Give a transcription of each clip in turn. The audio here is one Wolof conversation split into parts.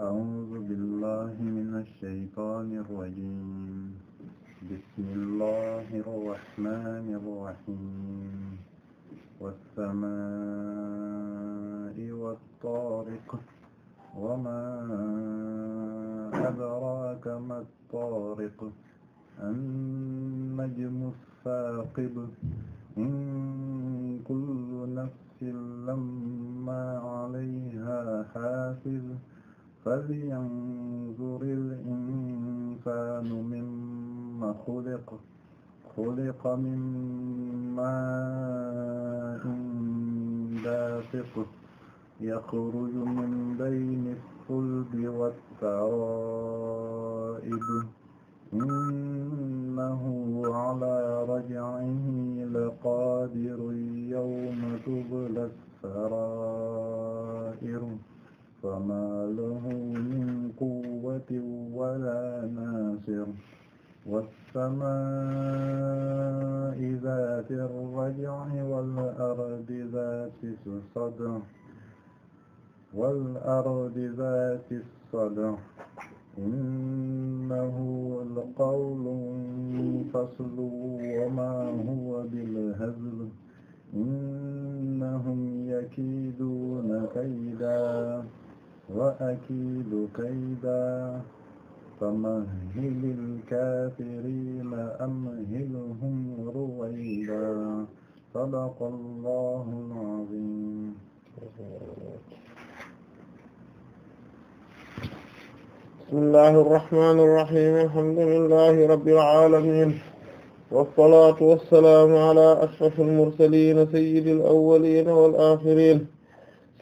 أعوذ بالله من الشيطان الرجيم بسم الله الرحمن الرحيم والسماء والطارق وما أدراك ما الطارق النجم الثاقب إن كل نفس لما عليها حافظ فلينظر الإنسان مما خلق خلق من ماء دافق يخرج من بين الصلب والترائب إنه على رجعه لقادر يوم تبلى السرائر فما له من قوة ولا ناصر والسماء ذات الرجع والأرض ذات الصدع والأرض ذات الصدع إنه لقول فصل وما هو بالهزل إنهم يكيدون كيدا وأكيد كيدا فمهل الكافرين أمهلهم رويدا صدق الله العظيم بسم الله الرحمن الرحيم الحمد لله رب العالمين والصلاة والسلام على أشرف المرسلين سيد الأولين والآخرين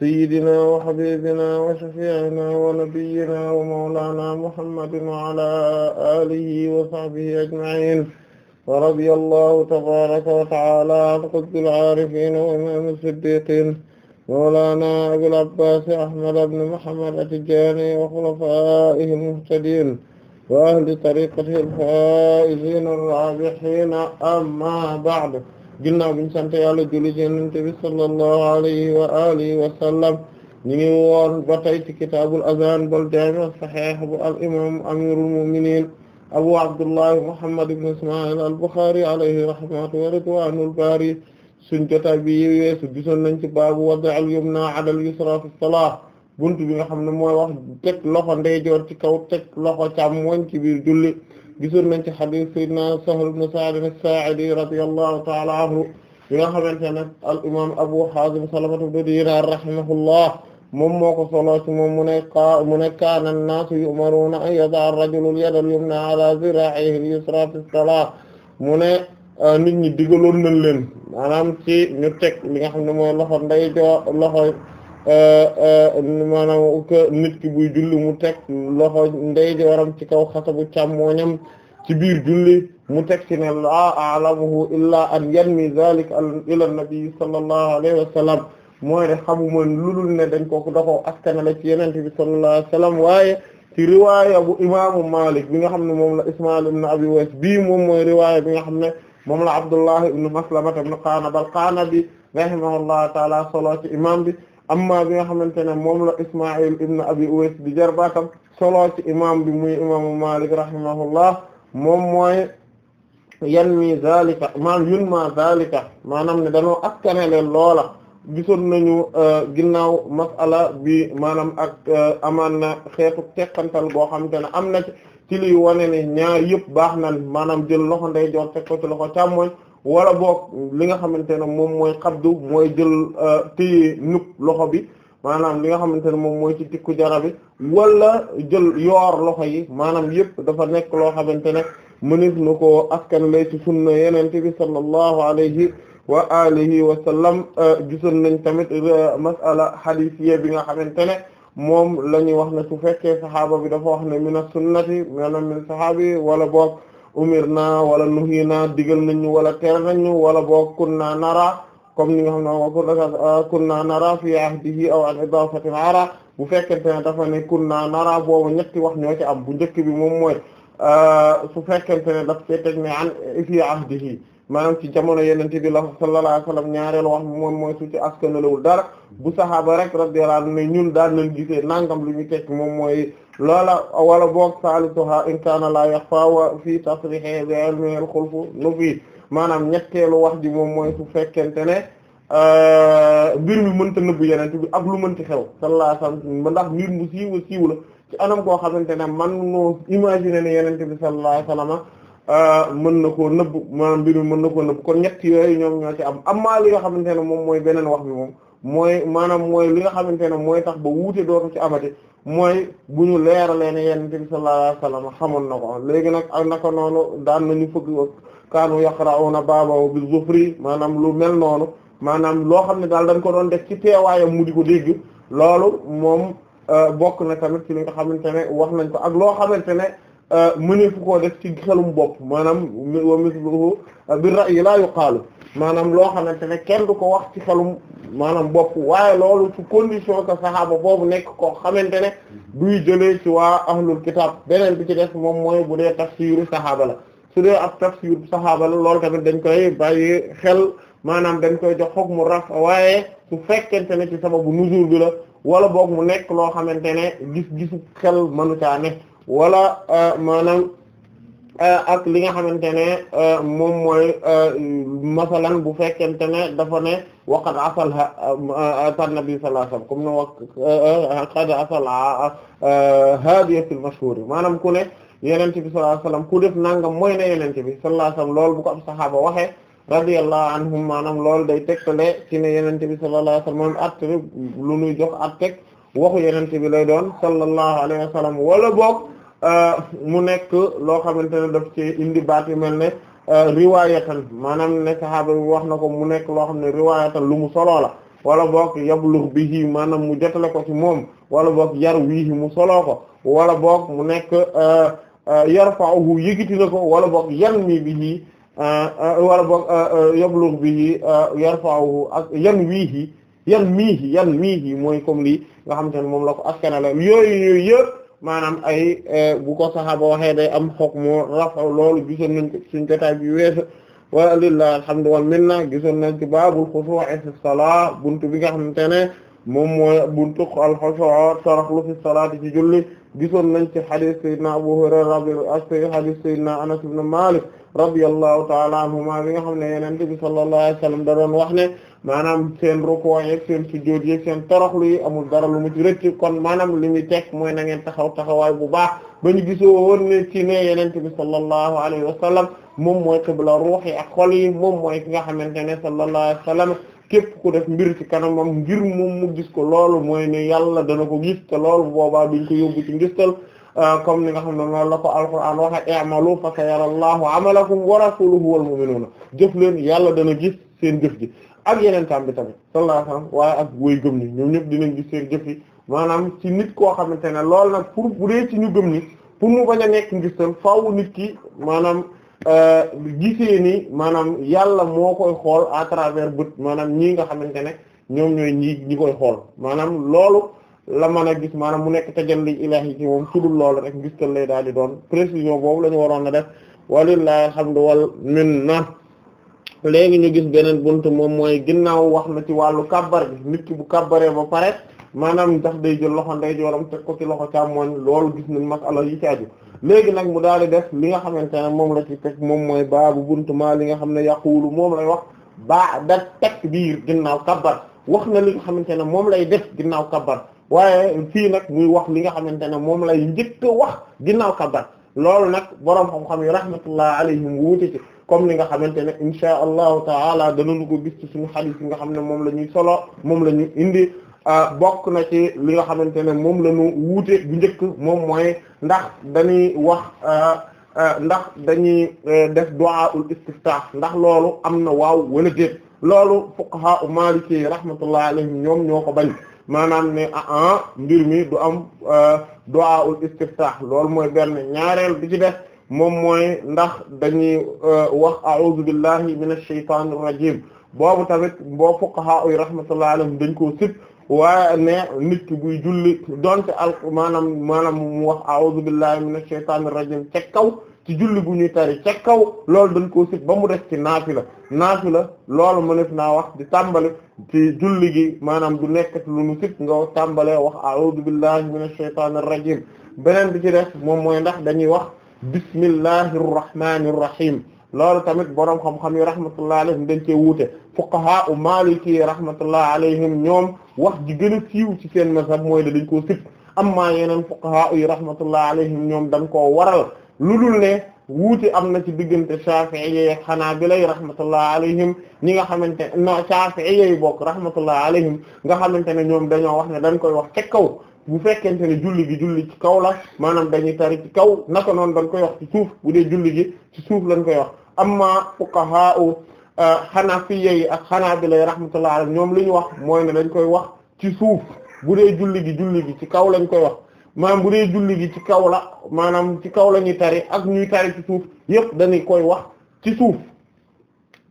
sayyidina wa habibina wa shafi'ina wa nabiyyina wa mawlana muhammadin wa ala alihi wa sahbihi ajma'in wa radiyallahu tabaraka wa ta'ala an qutbil arifin wa imam as-siddiqin mawlana abul abbas ahmad ibn muhammad at-tijani wa khulafa'ihi al-muhtadin wa ahli tariqatihi al-fa'izin ar-rabihin amma ba'd ginnaaw biñ sant yàlla julli ci yonent bi sallallahu alayhi wa alihi wa sallam ñu ngi woon ba tey ci kitaabul azaan bal jaami' as-sahih bu al imam amirul mu'minin abu abdullahi muhammad ibn isma'il al-bukhari alayhi rahmatu wa ridwanul bari suñ jotaa bi weesu gisoon nañ ci baabu wada'al yumna 'ala al-yusra fi as-salah buntu bi nga xam ne mooy wax teg loxo ndeyjoor ci kaw teg loxo càmmoñ ci biir julli gisoon nañ ci xadis sayyidina Sahl ibn Sa'd as-Sa'idi radiyallahu ta'ala anhu bi nga xamante ne al imam Abu Hazim Salamatu ibn Dinar rahimahullah moom moo ko solo ci moom mu ne qa mu ne kaana an-naasu yu'maruna an yada'a ar-rajulu yada al-yumna ala zira'ihi al-yusra fi as-salat mu ne ah, nit ñi digaloon nañ leen maanaam ci ñu teg li nga xam ne mooy loxo ndeyjoor loxo Eh, eh, maanaam nit ki buy julli mu teg loxo ndeyjooram ci kaw xasabu càmmooñam ci biir julli mu teg ci ne laa a'lamuhu illaa an yanmi zalika ila nabi sallallahu alayhi wa sallam mooy ne xamuma lulul ne dañ ko doxoo askanale ci yenente bi sallallahu alayhi wa sallam waaye ci riwaaya bu imaamu Malik bi nga xam ne moom la Ismail ibn Abi Uways bii moom mooy riwaaya bi nga xam ne moom la Abdullah ibn Maslama ibn Qanab al-Qanabi rahimahullahu ta'ala solo ci imaam bi amma bi nga xamante ne moom la Isma'il ibn Abi Uways di jarbaatam solo ci imam bi muy imaamu Malik rahimahullah moom mooy yanmi zalika maanaam yunma zalika maanaam ne dañoo askanale loola gisoon nañu euh, ginnaaw mas'ala bi maanaam ak euh, amaan na xeetu teqantal boo xamante ne am na ci ci liy wane ne ñaar yëpp baax nan maanaam jël loxo ndeyjoor teg ko ci loxo càmmoñ wala book li nga xamante ne moom mooy xabdu mooy jël euh, téye ñub loxo bi maanaam li nga xamante ne moom mooy ci tikku jara bi wala jël yoor loxo yi maanaam yëpp dafa nekk loo xamante ne mënees na koo askan lay ci sunna yenente bi sallallahu alayhi wa alihi wa sallam euh, gisoon nañ tamit euh, masala hadisiye bi nga xamante ne moom la ñuy wax ne su fekkee saxaaba bi dafa wax ne mina sunnati maanaam min saxaabi wala boog umirna wala nuhina digal nañu wala tere nañu wala boog kunna nara comme ni nga xam ne wa euh, kunna nara fi ahdihi aw an idafatin ara bu fekkente ne dafa ne kunna nara boobu ñetti wax ñoo ci am bu njëkk bi moom mooy euh, su fekkente ne daf ci teg ne an fi ahdihi maanaam ci jamono yenente bi la sallallahu alayhi wasallam ñaareel wax moom mooy su ci askanalawul dara bu sahaaba rek radiyallahu anhu ne ñun daan nañ gisee nangam lu ñu tekk moom mooy loola wala boog salisuha in kaana la yaxfa wa fii tasrihi bi ilmihi al-khulfu nu fii maanaam ñetteelu wax ji moom mooy su fekkente ne euh, mbir mi mënta nëbbu yeneen bi ak lu mënti xew sallallahu alayhi wasallam ndax mbir mu siiwa siiw la ci anam koo xamante ne man noo imaginer ne yenente bi sallallahu Ah, mën na koo nëbb maanaam mbir mi mën na koo nëbb kon ñett yooyu ñoom ñoo ci am amaa li nga xamante ne moom mooy beneen wax bi moom mooy maanaam mooy li nga xamante ne mooy tax ba wuute dootu ci amati mooy bu ñu leeralee ne yonent bi sallallahu alayhi wasallam xamoon na ko léegi nag ak naka noonu daan na ñu fëgg kaanu yaqra'una baabahu bi zufri maanaam lu mel noonu maanaam loo xam ne daal dañ ko doon def ci teewaayam mu di ko dégg loolu moom ah, bokk na tamit ci li nga xamante ne wax nañ ko ak loo xamante ne. Euh, mëneef koo def ci xelum bopp maanaam wa misluhu bi ra'yi la yuqaalu maanaam loo xamante ne kenn du ko wax ci xelum maanaam bopp waaye loolu ci condition que saxaaba boobu nekk ko xamante ne duy jëlee ci waa ahlul kitab beneen bi ci des moom mooy bu dee tafsiru saxaaba la su dee ab tafsir saxaaba la loolu tamit dañ koy bàyyi xel maanaam dañ koy jox xog mu raf waaye su fekkente ne ci sababu nuzul bi la wala boog mu nekk loo xamante ne gis-gisu xel mënu wala euh, maanaam euh, ak li nga xamante ne euh, moom mooy masalan bu fekkente ne dafa ne waqad asal atan nabi sallallahu alayhi wasallam comme a waqad asal haadiya fil mashhur yi maanaam ku ne yenente bi sallallahu alayhi wasallam ku def nangam mooy ne yenente bi sallallahu alayhi wasallam bu am saxaaba waxee radiyallahu anhum maanaam loolu day tegtale ci ne yenente bi sallallahu alayhi wasallam moom att lu nuy jox at teg waxu yenente bi lay doon sallallahu alayhi wasallam wala boog Euh, mu nekk loo xamante ne daf ci indi baat yu mel ne euh, riwaayatan maanaam ne saxaaba bi wax na ko mu nekk loo xam ne riwaayatan lu mu soloo la wala boog bi bihi maanaam mu jotale ko ci moom wala boog yar wiihi mu soloo ko wala book mu nekk euh, yarfa'uhu yëkkati na ko wala boog yanmi bihi wala boog yablugh bihi yarfa'uhu ak yan wiihi yan miihi yan miihi mooy comme lii nga xam ne moom la ko askanale yooyu yooyu yëpp maanaam ay eh, bu ko saxaaba waxee day am hukmu rafa loolu gisoon nañ ko suñu jotaay bi weesu wa lillahi alhamdu wal minna gisoon nañ ci baabul xushuu'i fi salaat buntu bi nga xamante ne moom mooy buntu alxosoor toroxlu fi salaati ci julli gisoon nañ ci xadis sayyidina Abu Hurayra rabi ak xadis sayyidina Anas ibn Malik radiyallahu taala anhuma bi nga xam ne Yonent bi sallallahu alayhi wa sallam da doon wax ne maanaam seen rukkoo yeeg seen sujjóot yeeg seen toroxlu yi amul dara lu mu ci rëcc kon maanaam li muy teg mooy na ngeen taxaw taxawaay bu baax ba ñu gisoo woon ne ci ne Yonent bi sallallahu alayhi wa moom mooy qibla ruux yi ak xol yi moom mooy ki nga xamante ne sallallahu alayhi wa sallam képp ku def mbir ci kanamam ngir moom mu gis ko loolu mooy ne yàlla dana ko gis te loolu boobaa duñ ko yóbbu ci ngistal euh, comme ni nga xam ne na la ko alquran waxe i'malu fa sayara allahu amalakum wa rasuluhu wal mu'minuna jëf leen dana gis seen jëf ji ak yeneen tam bi tamit sallallahu alayhi wasallam waaye ak woy gëm ni ñoom ñëpp dinañ gis seen jëf yi maanaam ci nit koo xamante ne loolu nag pour bu dee ci ñu gëm ni pour mu bañ a nekk ngistal faaw nit ki Euh, gisee ni maanaam yàlla moo koy xool à travers bët maanaam ñii nga xamante ne ñoom ñooy ñi ñi koy xool maanaam loolu la mën a gis maanaam mu nekk tajalli ilaahi ci moom sudul loolu rek gis tal lay daal di doon précision boobu la ñu waroon a def walillahi alhamdu wal na léegi ñu gis beneen bunt moom mooy ginnaaw wax na ci wàllu kàbbar bi nit ki bu kàbbaree ba pare maanaam ndax day jël loxo ndeyjooram teg ko ci loxo càmmoñ loolu gis nañ masala yi ci aju léegi nag mu daal di def li nga xamante ne moom la ci teg moom mooy baabu buntu maa li nga xam ne yaqulu moom lay wax baa da takbiir ginnaaw kabbar wax na li nga xamante ne moom lay def ginnaaw kabbar waaye fii nag muy wax li nga xamante ne moom lay njëkk wax ginnaaw kabbar loolu nag boroom xam-xam yi rahmatullah alayhim wuute ci comme li nga xamante ne insha allahu taala danañu ko gis ci suñu xadiis yi nga xam ne moom la ñuy solo moom la ñuy indi Euh, bokk na ci li xamante ne moom la ñu wuute bu njëkk moom mooy ndax dañuy wax euh, euh, ndax dañuy def du'a ul istiftah ndax loolu am na waaw wala loolu fuqaha u maliki rahmatullah alayhim ñoom ñoo ko bañ maanaam ne ah mbir mi du am du'a ul istiftah loolu mooy benn ñaareel bi ci def moom mooy ndax dañuy wax a'udhu billahi minash shaytanir rajim boobu tamit boo fuqaha u rahmatullah alayhim dañ koo sib waa ne nit ki buy julli donte al maanaam maanaam mu wax a'udhu billahi minash shaytanir rajim ca kaw ci julli bu ñuy tari ca kaw loolu dañ koo ba mu def ci naafila naafila loolu mëneef naa wax di tàmbale ci julli gi maanaam bu nekk lu nu sit nga tàmbalee wax a'udhu billahi minash shaytanir rajim beneen bi ci def moom mooy ndax dañuy wax bismillahir rahmanir rahim loolu tamit boroom xam-xam yi rahmatullahi alayhim dañ cee wuute fuqaha u maliki yi rahmatullahi ñoom wax ji gën a siiw ci seen mazhab mooy da dañ koo sib amma yeneen fuqaha yi rahmatullahi alayhim ñoom dañ koo waral lu dul ne wuute am na ci diggante Shafi'iyya ak Hanabila rahmatullahi alayhim ñi nga xamante no Shafi'iyya yi bokk rahmatullahi alayhim nga xamante ne ñoom dañoo wax ne dañ koy wax ca kaw bu fekkente ne julli gi julli ci kaw la maanaam dañuy tari ci kaw naka noonu dañ koy wax ci suuf bu dee julli gi ci suuf lañ koy wax amma fuqaha u uh, xanafiya yi ak xanaabila rahmatullah alayhim ñoom li ñu wax mooy ne dañ koy wax ci suuf bu dee julli gi julli gi ci kaw lañ koy wax maanaam bu dee julli gi ci kaw la maanaam ci kaw la ñuy tari ak ñuy tari ci suuf yépp dañuy koy wax ci suuf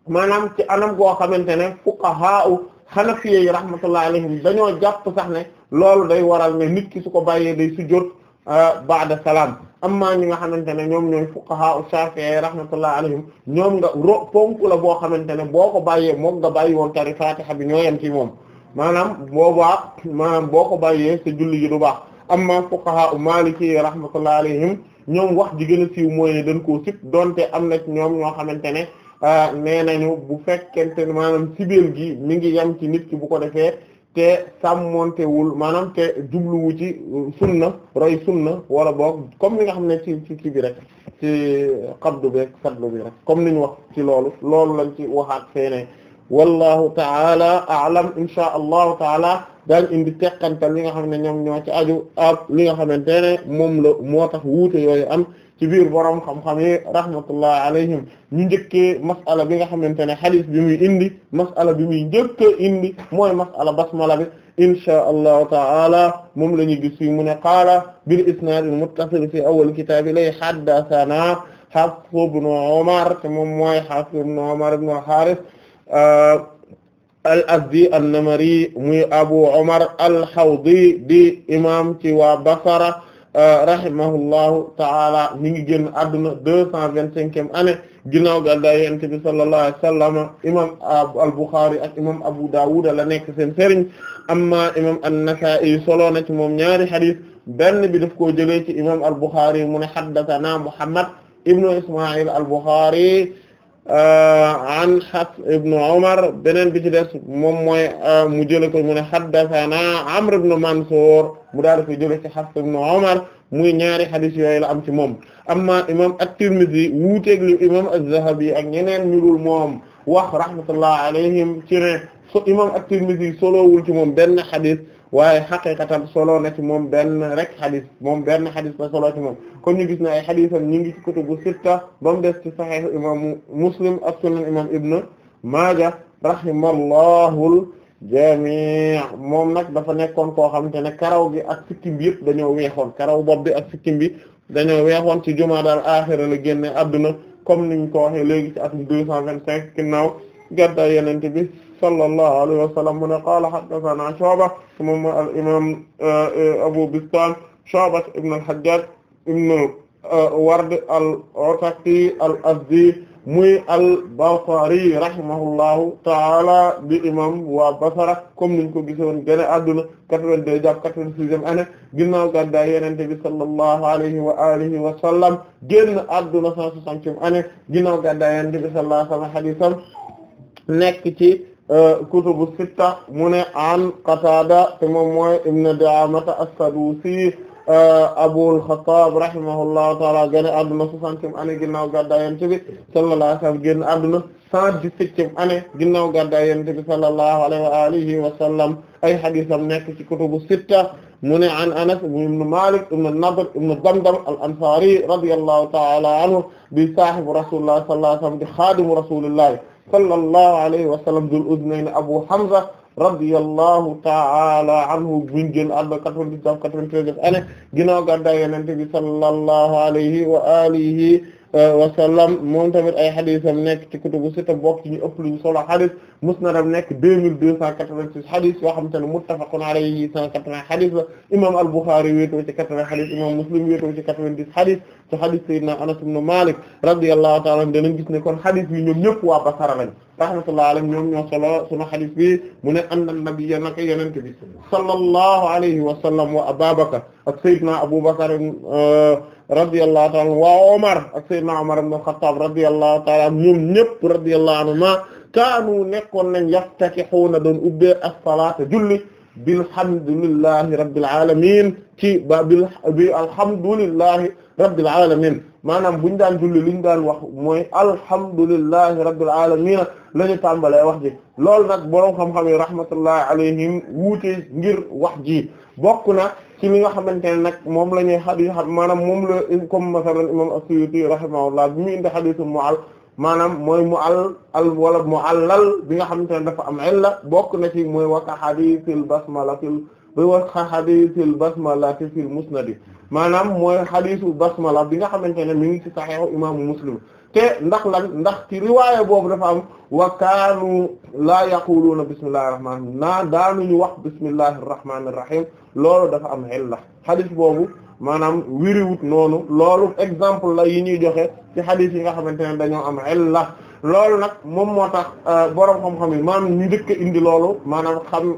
maanaam ci anam goo xamante ne fuqaha u xanafiya yi rahmatullah alayhim dañoo jàpp sax ne loolu day waral ne nit ki su ko bàyyee day sujjóot Ah, ba'da salaam amma ñi nga xamante ne ñoom ñooy fuqaha Shafi'i rahmatullah alayhim ñoom nga ro ponk la boo xamante ne boo ko bàyyee moom nga bàyyi woon tari Fatiha bi ñoo yem ci moom maanaam boobaa maanaam boo ko bàyyee sa julli ji du baax amma fuqaha Maliki rahmatullah alayhim ñoom wax ji gën a siiw mooy ne dañ koo sib donte am na ñoom ñoo xamante ne ah, nee nañu bu fekkente ne maanaam sibeel gi mi ngi yem ci nit ki bu ko defee te sàmmontewul maanaam te jubluwu ci sunna roy sunna wala boog comme ni nga xam ne ci ci ci bi rek ci xaddu bi rek fadlu bi rek comme ni ñu wax ci loolu loolu lañ ci waxaat feene wallahu taala aalam insha allahu taala daañ indi teqantal li nga xam ne ñoom ñoo ci aju ak li nga xamante ne moom la moo tax wuute yooyu am ci biir borom xam-xam yi rahmatullah alayhim ñu njëkkee mas'ala bi nga xamante ne hadith bi muy indi mas'ala bi muy njëkkee indi mooy mas'ala basmala bi insha allahu taala moom la ñuy gis fi mu ne qaala bil isnaad al muttasil fi awwal kitaab lay haddathana Hafs ibn Umar te moom mooy Hafs ibn Umar ibn al-Harith uh, al azdi an-Namari muy Abu Umar al-Hawdi di imam ci waa Basra Euh, rahimahullahu taala mi ngi génn adduna deux cent vingt-cinquième année ginnaaw gàddaay yonent bi sallallahu alayhi wa sallam imam al-Bukhari ak imam Abu Dawud la nekk seen sëriñ amma imam an-Nasa'i solo na ci moom ñaari hadith benn bi def koo jëlee ci imam al-Bukhari mu ne haddathana Muhammad ibnu Isma'il al-Bukhari an Hafs ibn Umar beneen bi ci des moom mooy mu jële ko mu ne haddathana Amr ibn Mansur mu daal ko jële ci Hafs ibn Umar muy ñaari hadith yooyu la am ci moom amma imam at-Tirmidhi wuuteeg li imam az-Zahabi ak ñeneen ñu dul moom wax rahmatullah alayhim ci ne so imam at-Tirmidhi solowul ci moom benn hadith waaye xaqiqatan solo na ci moom benn rek xadis moom benn xadis la solo ci moom kon ñu gis ne ay xadisam ñu ngi ci kutubu sitta ba mu des ci sahih imam muslim ak sunan imam ibn maaja rahimallahul jami moom nag dafa nekkoon koo xamante ne karaw gi ak sikkim bi yëpp dañoo weexoon karaw bopp bi ak sikkim bi dañoo weexoon ci jumaadal axira la génne adduna comme niñ ko waxee léegi ci atum deux cent vingt cinq ginnaaw gaddaay yenente bi sallallahu alayhi wa sallam mu ne qaala haddathana Shu'ba moom al imaam eh, Abu Bistam Shu'ba ibn al-Hajjaj ibn eh, Ward al-Ataki al-Azdi muy al-Basri rahimahullahu ta'ala bi imam waa Basra comme niñ ko gisoon gën a adduna 82 jàpp 86e année ginnaaw gàddaay Yonent bi sallallahu alayhi wa alihi wa sallam génn adduna 160e année ginnaaw gàddaay Yonent bi sallallahu alayhi wa sallam hadisam nekk ci kutubu sitta mu ne an Qatada te moom mooy ibn Di'aamata as-Sadusi Abul Khattab rahimahullahu ta'ala génn àdduna soixantième année ginnaaw gàddaay Yonent bi sallallahu alayhi wa sallam génn àdduna cent dix-septième année ginnaaw gàddaay Yonent bi sallallahu alayhi wa alihi wa sallam ay hadiisam nekk ci kutubu sitta mu ne an Anas ibn Malik ibn Nadr ibn Damdam al-Ansari radiyallahu ta'ala anhu di saahibu Rasulullah sallallahu alayhi wa sallam di xaadimu Rasulillah sallallahu alayhi wa sallam dul uznayn Abu Hamza radiyallahu ta'ala anhu buñ jël ànd 99 93 année ginnaaw gàddaay Yonent bi sallallahu alayhi wa alihi Euh, wa sallam moom tamit ay xadisam nekk ci kutubu sitta bokk ci ñu ëpp lu ñu solo xadis musnadam nekk deux mille deux quatre-vingt-six xadis yoo xam ne muttafaqun alayhi cent quatre-vingts xadis la imam al-Bukhari wéetoo ci quatre-vingts xadis imam Muslim wéetoo ci quatre-vingt-dix xadis ci xadis sayyidina Anas ibn Malik radiyallahu ta'ala anhu danañ gis ne kon xadis yi ñoom ñëpp waa Basra lañ rahmatullahi alayhim ñoom mu ne anna nabiyya naka yonent bi sallallahu alayhi radiyallahu ta'ala wa Omar ak Seydina Omar ibn Khattab radiyallahu ta'ala ñoom ñëpp radiyallahu anhuma kaanu nekkoon nañ yaftatihuna doon ubbee as-salaata julli bilhamdulillahi rabbil alamin ci ba bil bi alhamdulillahi rabbil alamin maanaam buñu daan julli liñ daan wax mooy alhamdulillahi rabbil alamin la ñu tàmbalee wax ji loolu nag boroom xam-xam yi rahmatullahi alayhim wuute ngir wax ji bokk na ci li nga xamante ne nag moom la ñuy xadis maanaam moom la comme masalan imam as-Suyuti rahimahullah bi mu indi xadisu mu'all maanaam mooy mu'all al wala mu'allal bi nga xamante ne dafa am illa bokk na ci mooy waka xadisul basmala fil ba waka xadisul basmala fil musnadi maanaam mooy xadisu basmala bi nga xamante ne mi ngi ci saxiixu imaamu muslim te ndax lan ndax ci riwaaya boobu dafa am wa kaanu laa yaquluuna bismillahir rahmaani naa daanuñu wax bismillahir rahmaanir rahiim loolu dafa am xel la xadis boobu maanaam wiriwut noonu loolu exemple la yi ñuy joxe ci xadis yi nga xamante ne dañoo am xel la loolu nag moom moo tax euh, boroom xam-xam yi ñu njëkk indi loolu maanaam xam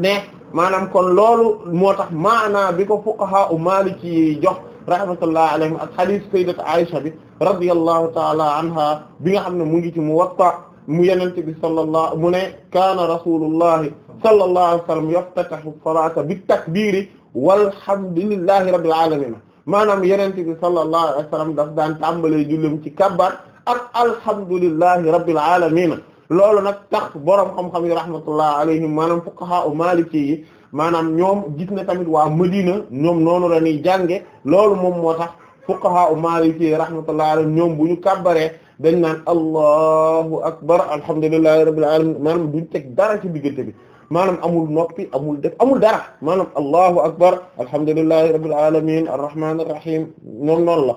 ne maanaam kon loolu moo tax maanaa bi ko fuqaha u maliki ci jox rahmatullah alayhim ak xadis sayyidat Aisha bi radiyallahu taala anha bi nga xam ne mu ngi ci Muwatta mu yenente bi sallallahu mu ne kaana rasulullahi sallallahu alayhi wa sallam yaftatahu salata bi takbiri walhamdulillahi rabbil alamin maanaam yenente bi sallallahu alayhi wa sallam daf daan tàmbalee jullam ci kabbar ak alhamdulillahi rabbil alamin loolu nag tax borom xam-xam yi rahmatullah alayhim maanaam fuqaha u maliki yi maanaam ñoom gis na tamit waa Madina ñoom noonu la ñuy jànge loolu moom moo tax fuqaha u maliki yi rahmatullah alayhim ñoom bu ñu kabbaree dañ naan allahu akbar alhamdulillahi rabbil alamin maanaam duñ teg dara ci diggante bi maanaam amul noppi amul def amul dara maanaam allahu akbar alhamdulillahi rabbil alamin arrahmanir rahim ñoom noonu la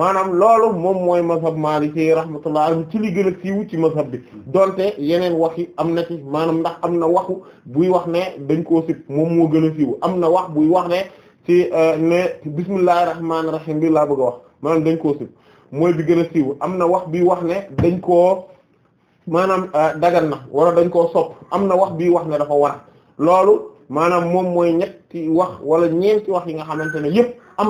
maanaam loolu moom mooy mazhab maliki rahmatullah alayhi ci li gën a siiw ci mazhab bi donte yeneen wax yi am na ci maanaam ndax am na waxu buy wax ne dañ koo sib moom moo gën a siiw am na wax buy wax ne ci euh, ne bismillahir rahmanir rahim bi laa bëgg a wax maanaam dañ koo sib mooy bi gën a siiw am na wax bi wax ne dañ koo maanaam ah, dagan na wala dañ ko sopp am na wax bi wax ne dafa war loolu maanaam moom mooy ñett ki wax wala ñeenti wax yi nga xamante ne yëpp am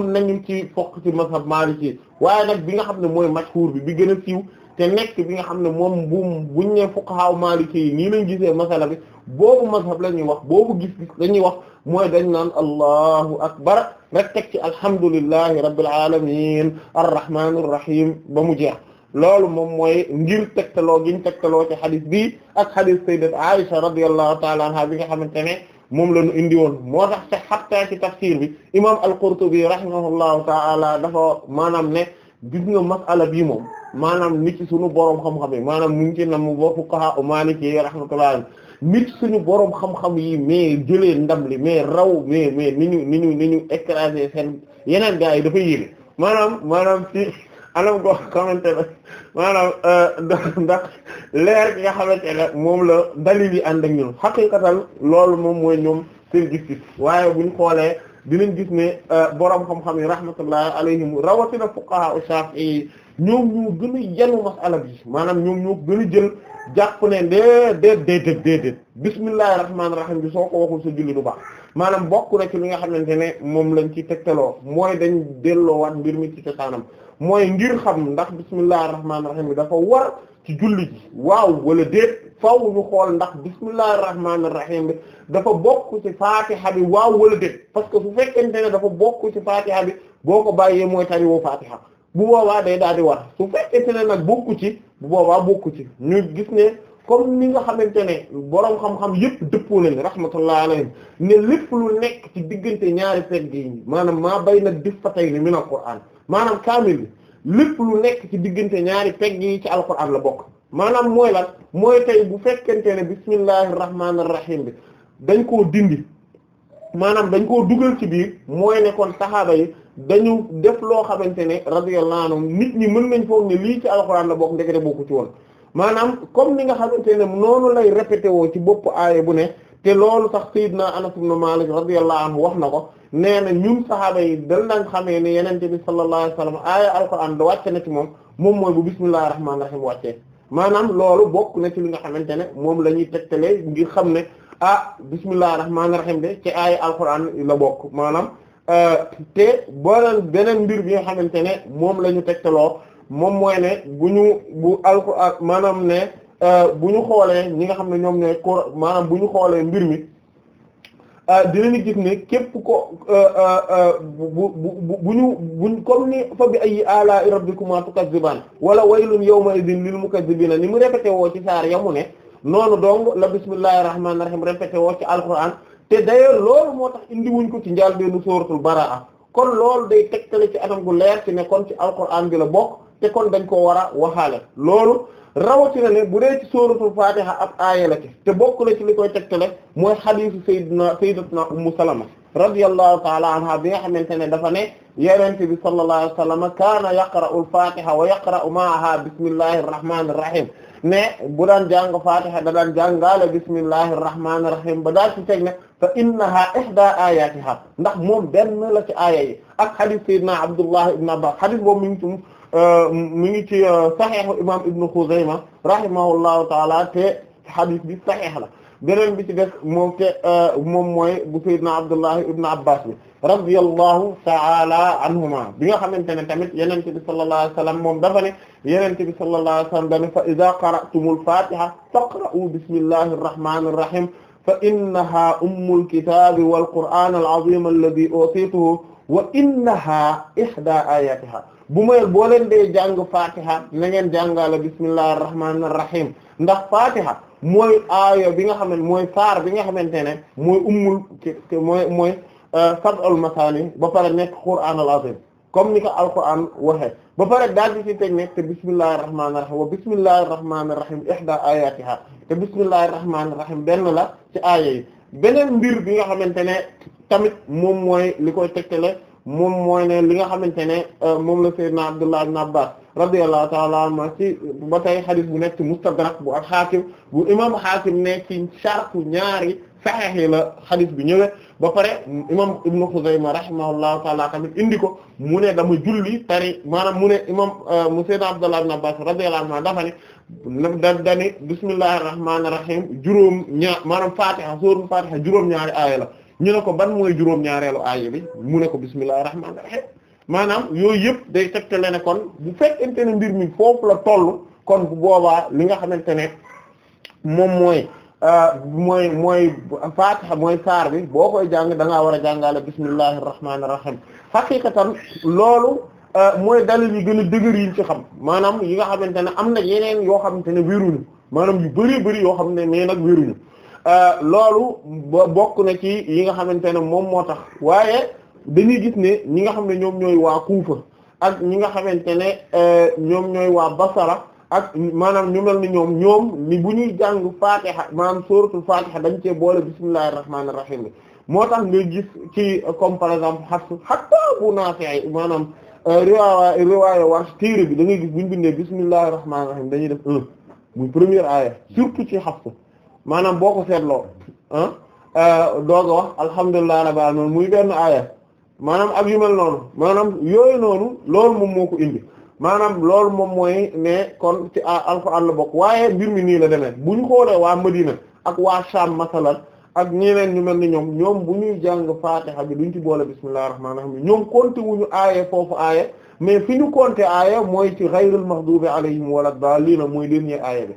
foq ci ma ci mazhab Maliki waaye nag bi nga xam ne mooy mashhur bi bi gën a siiw te nekk bi nga xam ne moom bu buñ ne fuqaha maliki yi nii lañ gisee masala bi boobu mazhab la ñuy wax boobu gis-gis la ñuy wax mooy dañ naan allahu akbar rek teg ci alhamdulillahi rabbil alamin arrahmanir rahim ba mu jeex loolu moom mooy ngir tegtaloo giñ tegtaloo ci xadis bi ak xadis sayyidat Aisha radiyallahu ta'ala anha bi nga xamante ne moom la ñu indi moo tax sax xattaa ci tafsir bi imam al-Qurtubi rahimahullahu ta'ala dafa maanaam ne gis nga mas'ala bii moom maanaam nit suñu boroom xam-xam yi maanaam mu ngi ci nam ba fuqaha maliki yi rahmatullah nit suñu boroom xam-xam yi mais jëlee ndam li mais raw mais mais ni ñu ni ñu ni ñu écrasé seen yeneen gaa yi dafa yéeme maanaam maanaam ci anam goo xamante ne maanaam euh, ndax leer gi nga xamante ne moom la dalil yi ànd ak ñun xaqiqatan loolu moom mooy ñoom seen gis-gis waaye buñ xoolee dinañ gis ne euh, borom xam-xam yi rahmatullah alayhim rawatina fuqaha Shafi'i ñoom ñoo gën a yenu masala bi maanaam ñoom ñu gën a jël jàpp ne dée déet déedéet déedéet bismillahir rahmanir rahim bi soo ko waxul sa julli du baax maanaam bokk na ci li nga xamante ne moom lañ ci tegteloo mooy dañ delloowaat mbir mi ci cosaanam mooy ngir xam ndax bismillahir rahmanir rahim bi dafa war ci julli ji waaw wala déet faw ñu xool ndax bismillahir rahmanir rahim bi dafa bokk ci fatiha bi waaw wala déet parce que su fekkente ne dafa bokk ci fatiha bi boo ko bàyyee mooy tari woo fatiha bu boobaa day daal di war su fekkente ne nag bokku ci bu boobaa bokk ci ñu gis ne comme ni nga xamante ne boroom xam-xam yépp dëppoo leen rahmatullah alayhim ne lépp lu nekk ci diggante ñaari pegg yi maanaam maa bay nag dif fa tey ni min alquran maanaam kaamil bi lépp lu nekk ci diggante ñaari pegg yi ci alquran la bokk maanaam mooy la mooy tey bu fekkente ne bismillahir rahmanir rahim bi dañ koo dindi maanaam dañ koo dugal ci biir mooy ne kon saxaaba yi dañu def loo xamante ne radiyallahu anhum nit ñi mën nañ foog ne lii ci alxuraan la bokk ndekete bokku ci woon maanaam comme ni nga xamante ne noonu lay répété woo ci bopp aaya bu ne te loolu sax sayyidna Anas ibn Malik radiyallahu anhu wax na ko nee na ñun saxaaba yi dañ daan xamee ne yenente bi sallallahu alayhi wasallam aaya alxuraan da wàcce na ci moom moom mooy bu bismillahir rahmanir rahim wàccee maanaam loolu bokk na ci li nga xamante ne moom la ñuy tegtale ngir xam ne ah bismillahir rahmanir rahim de ci ay alquran la bokk maanaam euh, te booleel beneen mbir bi nga xamante ne moom la ñu tegtaloo moom mooy ne bu ñu bu alquran maanaam ne euh, bu ñu xoolee ñi nga xam ne ñoom ñooy maanaam bu ñu xoolee mbir mi. Euh, dinañu gis ne képp ko euh, euh, bu bu bu ñu buñ comme ni fa bi ay ala rabbikuma tukazzibaan wala waylun yawma idin lil mukazzibiina ni mu répété woo ci saar yamu ne noonu donc la bismillahir rahmanir rahim répété woo ci alquran te d'ailleurs loolu moo tax indi wuñ ko ci njaal benn sóoratul baraa kon loolu day tegtale ci anam gu leer ci ne kon ci alquran bi la bokk te kon dañ ko war a waxaale loolu rawatina ne bu dee ci sóoratul fatiha ab aaya la ci te bokk na ci li koy tegtale mooy xadiisu sayyidina sayyidatuna ummu salama radiyallahu taala anha bi nga xamante ne dafa ne yenente bi sallallahu alayhi wa sallam kaana yaqra'u al-fatiha wa yaqra'u ma'aha bismillahi irrahmani irrahim ne bu daan jàng fatiha da daan jàngaale bismillahi irrahmani irrahim ba daal ci teg ne fa innaha ihda ayatiha ndax moom benn la ci aaya yi ak xadiis sayyidina abdullah ibn abbas xadiis boobu mi ngi ci Euh, mi ngi ci euh, saxiixu imam Ibn Xuzayma rahimahullahu taala te xadis bi saxiix la beneen bi ci def moom te euh, moom mooy bu Seydina Abdullahi Ibn Abbas bi radiyallahu taala anhuma bi nga xamante ne tamit Yonent bi sallallahu alayhi wa sallam moom dafa ne Yonent bi sallallahu alayhi wa sallam dafa fa iza qara'tumul fatiha faqra'u bismillahir rahmanir rahim fa innaha ummul kitaabi wal qur'aanil aziim alladhii uutiituhu wa innaha ihdaa aayaatihaa bu may boo leen dee jàng fatiha na ngeen jàngaale bismillahir rahmanir rahim ndax fatiha mooy aayo bi nga xam ne mooy saar bi nga xamante ne mooy ummul mooy mooy euh, sab'ul masaani ba pare nekk qur'aanul azim comme ni ko alquran waxee ba pare daal di ci teg nekk te bismillahir rahmanir rahim wa bismillahir rahmanir rahim ihda ayatiha te bismillahir rahmanir rahim benn la ci aaya yi beneen mbir bi nga xamante ne tamit moom mooy li koy tegtale moom mooy ne li nga xamante ne euh, moom la Seydina Abdullah ibn Abbas radiyallahu ta'ala anhuma ci ba tey xadis bu nekk ci Mustadrak bu ak Xaakim bu imam Xaakim ne ci sartu ñaari saxeex yi xadis bi ñëwee ba pare imam Ibn Xuzayma rahimahullahu ta'ala tamit indi ko mu ne dama julli tari maanaam mu ne imam euh, mu Seydina Abdullah ibn Abbas radiyallahu anhuma dafa ne da dani bismillahir rahmanir rahim juróom ñaar maanaam juróom ñaari aaya la ñu ne ko ban mooy juróom ñaareelu aaya bi mu ne ko bismillahir rahmanir rahim maanaam yooyu yëpp day tegtale ne kon bu fekkente ne mbir mi foofu la toll kon bu boobaa li nga xamante ne moom mooy euh, mooy mooy faatiha mooy saar bi boo koy jàng da ngaa war a jàngale bismillahir rahmanir rahim xaqiqatan loolu euh, mooy dalil yi gën a dëgër yi ñu ci xam maanaam yi nga xamante ne am na yeneen yoo xamante ne wéruñu maanaam yu bari bari yoo xam ne mais nag wéruñu Euh, loolu bokk na ci yi nga xamante ne moom moo tax waaye dañuy gis ne ñi nga xam ne ñoom ñooy waa Kuufa ak ñi nga xamante ne euh, ñoom ñooy waa Basara ak maanaam ñu mel ni ñoom ñoom ni bu ñuy jàng Fatiha maanaam suratul Fatiha dañ cee boole bismillahir rahmanir rahim bi moo tax nga gis ci comme par exemple Hafs hatta bu Nafi' maanaam euh, riwaaya riwaaya Warsh téere bi da ngay gis bu ñu bindee bismillahir rahmanir rahim dañuy def un muy première aaya surtout ci Hafs maanaam boo ko seetloo ah euh, doog a wax alhamdulilah rabbil alamin muy benn aaya maanaam ak yu mel noonu maanaam yooy noonu loolu moom moo ko indi maanaam loolu moom mooy ne kon ci alxuraan la bokk waaye mbir mi nii la demee bu ñu xoolee waa Madina ak waa Sham masalan ak ñeneen ñu mel ni ñoom ñoom bu ñuy jàng faatiha bi duñ ci boole bismillahir rahmanir rahim ñoom compter wuñu aaye foofu aaye mais fi ñu compter aaye mooy ci ghayril maghdubi alayhim walad dallin mooy dernier aaye bi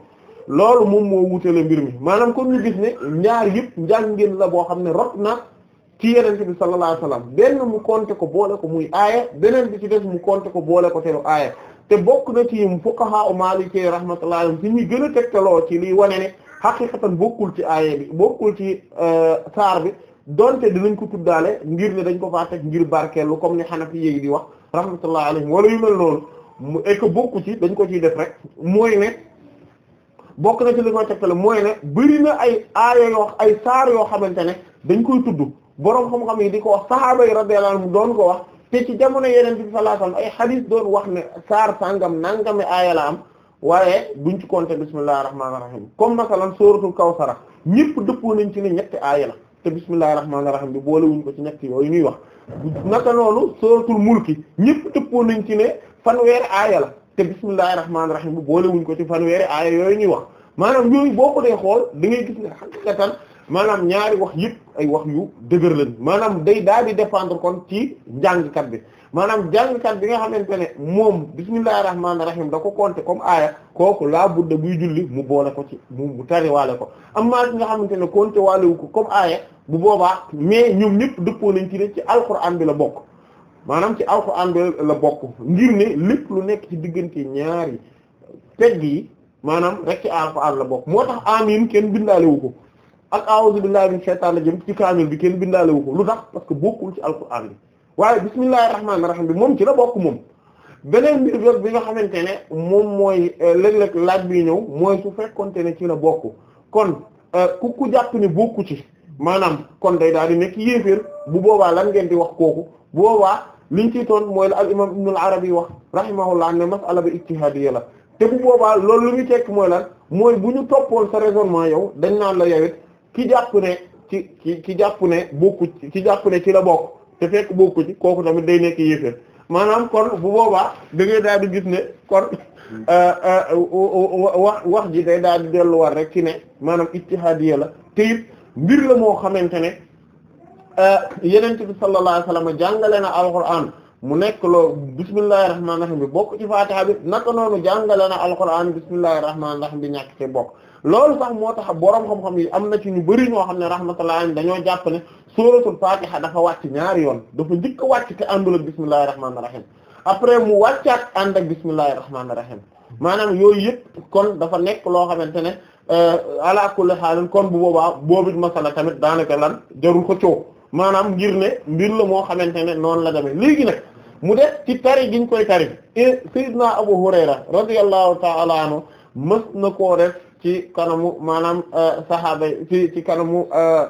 loolu moom moo wutale mbir mi maanaam comme ñu gis ne ñaar yëpp njàngin la boo xam ne rot na ci yenente bi sallallahu alayhi wasallam benn mu konte ko boole ko muy aaya beneen bi ci def mu konte ko boole ko telu aaya te bokk na ci fuqaha u maliki rahmatullahi alayhim ci ñuy gën a tegtaloo ci liy wane ne xaqiqatan bokkul ci aaya bokkul ci euh, saar bi donte dinañ ko tuddaale ngir ne dañ ko faa teg ngir barkeelu comme ni Hanafi yi di wax rahmatullahi alayhim wala yu mel noonu mu ek bokku ci dañ ko ci def rek mooy ne bokk na ci li koy mooy ne bëri na ay aaya yoo ay saar yoo xamante ne dañ koy tudd boroom xam-xam yi di ko wax sahaaba yi radiyallahu doon ko wax te ci jamono yeneen bi sallallahu alayhi wasallam ay hadith doon wax ne saar sàngam nangami aaya la am waaye buñ ci compter bismillahir rahmanir rahim comme masalan suratul kawsara ñëpp dëppoo nañ ci ne ñetti aaya la te bismillahir rahmanir rahim bi boole wuñ ko ci ñetti yooyu ñuy wax naka noonu suratul mulki ñëpp dëppoo nañ ci ne fanweer aaya te bismillahir rahmanir rahim bu boole wuñ ko ci fanweeri aaya yooyu ñuy wax maanaam yooyu boo ko dee xool da ngay gis ne xaqiqatan maanaam ñaari wax yëpp ay wax yu dëgër lañ maanaam day daal di dépendre kon ci njàngkat bi maanaam jàngkat bi nga xamante ne moom bismillahir rahmanir rahim da ko compter comme aaya kooku laa budda buy julli mu boole ko ci mu mu waale ko amaa ki nga xamante ne compter waale wu ko comme aaya bu boobaa mais ñoom ñëpp dëppoo nañ ci ne ci alquran bi la bokk maanaam ci alxuraan la bokk ngir ne lépp lu nekk ci diggante ñaari pegg yi maanaam rek ci alxuraan la bokk moo tax amin kenn bindaalewu ko ak a'uuzu billahi min shaytaan la jëm ci kaamil bi kenn bindaalewu ko lu tax parce que bokkul ci alxuraan bi waaye bismillahir rahmaanir rahiim bi moom ci la bokk moom beneen mbir bi nga xamante ne moom mooy euh, léeg-léeg laaj bi ñëw mooy su fekkonte ne ci la bokk kon euh, ku ku jàpp ne bokku ci maanaam kon day daal di nekk yéeféer bu boobaa lan ngeen di wax kooku bu boobaa liñ ciy toon mooy la al imam ibnul arabi wax rahimahullah ne masala bi ijtihadiyya la te boobaa loolu lu ñu tekk mooy lan mooy bu ñu toppoon sa yow dañ naan la yawit ki jàpp ne ci ci ki ne bokku ci jàpp ci la bokk te fekk bokku kooku tamit day nekk maanaam kon bu boobaa da daal di gis ne kon hmm. euh, euh, wax wax ji day daal di delluwaat rek ci ne maanaam ijtihadiyya la te mbir la moo xamante ne euh, yenent bi sallallahu alayhi wasallam jàngale na alquran mu nekk loo bismillahir rahmanir rahim bi bokk ci fatiha bi naka noonu jàngale na alquran bismillahir rahmanir rahim bi ñàkk ci bokk loolu sax moo tax boroom xam-xam yi am na ci ñu bari ñoo xam ne rahmatullahi dañoo jàpp ne suratul fatiha dafa wàcc ñaari yoon dafa njëkk a wàcc te àndul ak bismillahir rahmanir rahim après mu wàccaat ànd ak bismillahir rahmanir rahim maanaam yooyu yëpp kon dafa loo xamante ne Euh, ala kulli xaalin kon bu boobaa boobit masala tamit daanaka lan jarul ko coow maanaam ngir ne la moo xamante ne noonu la demee léegi nag mu def ci tari giñ koy tari et Seydina Abu Hurayra radiyallahu ta'ala anhu mës na koo def ci kanamu maanaam euh, saxaaba ci ci kanamu euh,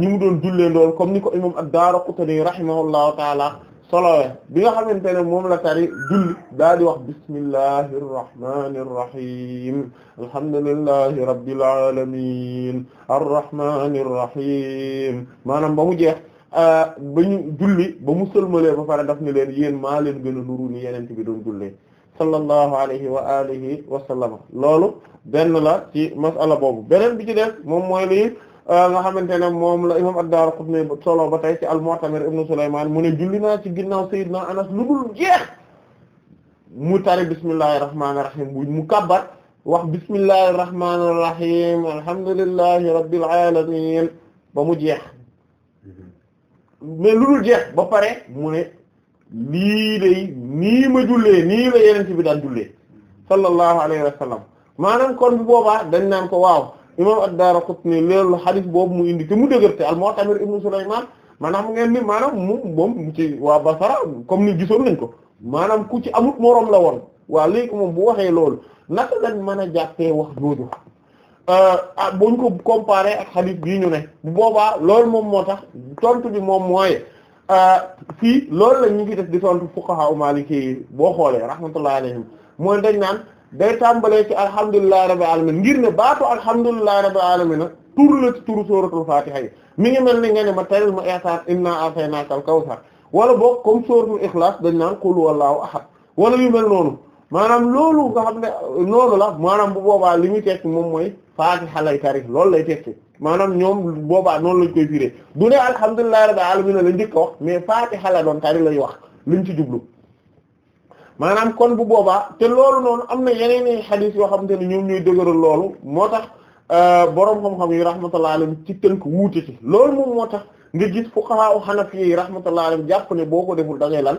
ñi mu doon jullee ndool comme ni ko imam ad-Daaraqutni rahimahullahu ta'ala solowe bi nga xamante ne moom la tari julli daal di wax bismillahi irrahmani irrahim alhamdulillahi rabbil alamin arrahmani irrahim maanaam ba mu jeex ah, ba ñu julli ba mu sëlmalee ba pare daf ni leen yéen maa leen gën a nuru ni yenent bi doon jullee sallallahu alayhi wa alihi wa sallama loolu benn la ci masala boobu beneen bi ci def moom mooy lii nga xamante ne moom la imam ad-Daraqutni solo ba ci al-Mu'tamir ibn Sulaymaan mu ne julli naa ci ginnaaw Seydina Anas lu dul jeex mu tari bismillahir rahmanir rahim bu mu kabbar wax bismillahir rahmanir rahim alhamdulillahi rabbil alamin ba mu jeex mais lu dul jeex ba pare mu ne lii day nii ma jullee nii la yeneen ci bi daan sallallahu alayhi wa sallam maanaam kon bu boobaa dañ naan ko waaw imam ad-Daraqutni leerlu xadis boobu mu indi te mu dëgër te al-Mu'tamir ibn Sulaymaan maanaam ngeen ni maanaam mu moom ci waa Basra comme ni gisoon nañ ko maanaam ku ci amut moroom la woon waa léegi moom bu waxee loolu na lañ mën a jàppee wax jooju euh, ah buñ ko comparé ak bii ñu ne boobaa loolu moom moo tax tontu bi moom mooy euh, fii loolu la ñu ngi def di tontu fuqaha u Maliki yi boo xoolee rahmatullahi alayhim mooy dañ naan day tàmbalee ci alhamdulillahi rabbil alamin ngir ne baatu alhamdulillahi rabbil alamin tur la ci turu sóoratul fatiha yi mi ngi mel ni nga ne ma taril ma ihsan inna a'taynaka al-kawsar wala boog comme sóoratul ikhlas dañ naan qul huwallahu ahad wala yu mel noonu maanaam loolu nga xam ne noonu la maanaam bu boobaa li ñu tekki moom mooy fatiha lay tari loolu lay tekki maanaam ñoom boobaa noonu lañ koy firé du ne alhamdulillahi rabbil alamin la njëkk a wax mais fatiha la doon tari lay wax liñ ci jublu maanaam kon bu boobaa te loolu noonu am na yeneen i xadis yoo xamante ne ñoom ñooy dëgëral loolu moo tax euh, boroom xam-xam yi rahmatullah alayhi ci tënk wuute ci loolu moom moo tax nga gis fuqaha hanafi yi rahmatullah alayhi jàpp ne boo ko deful da ngay lan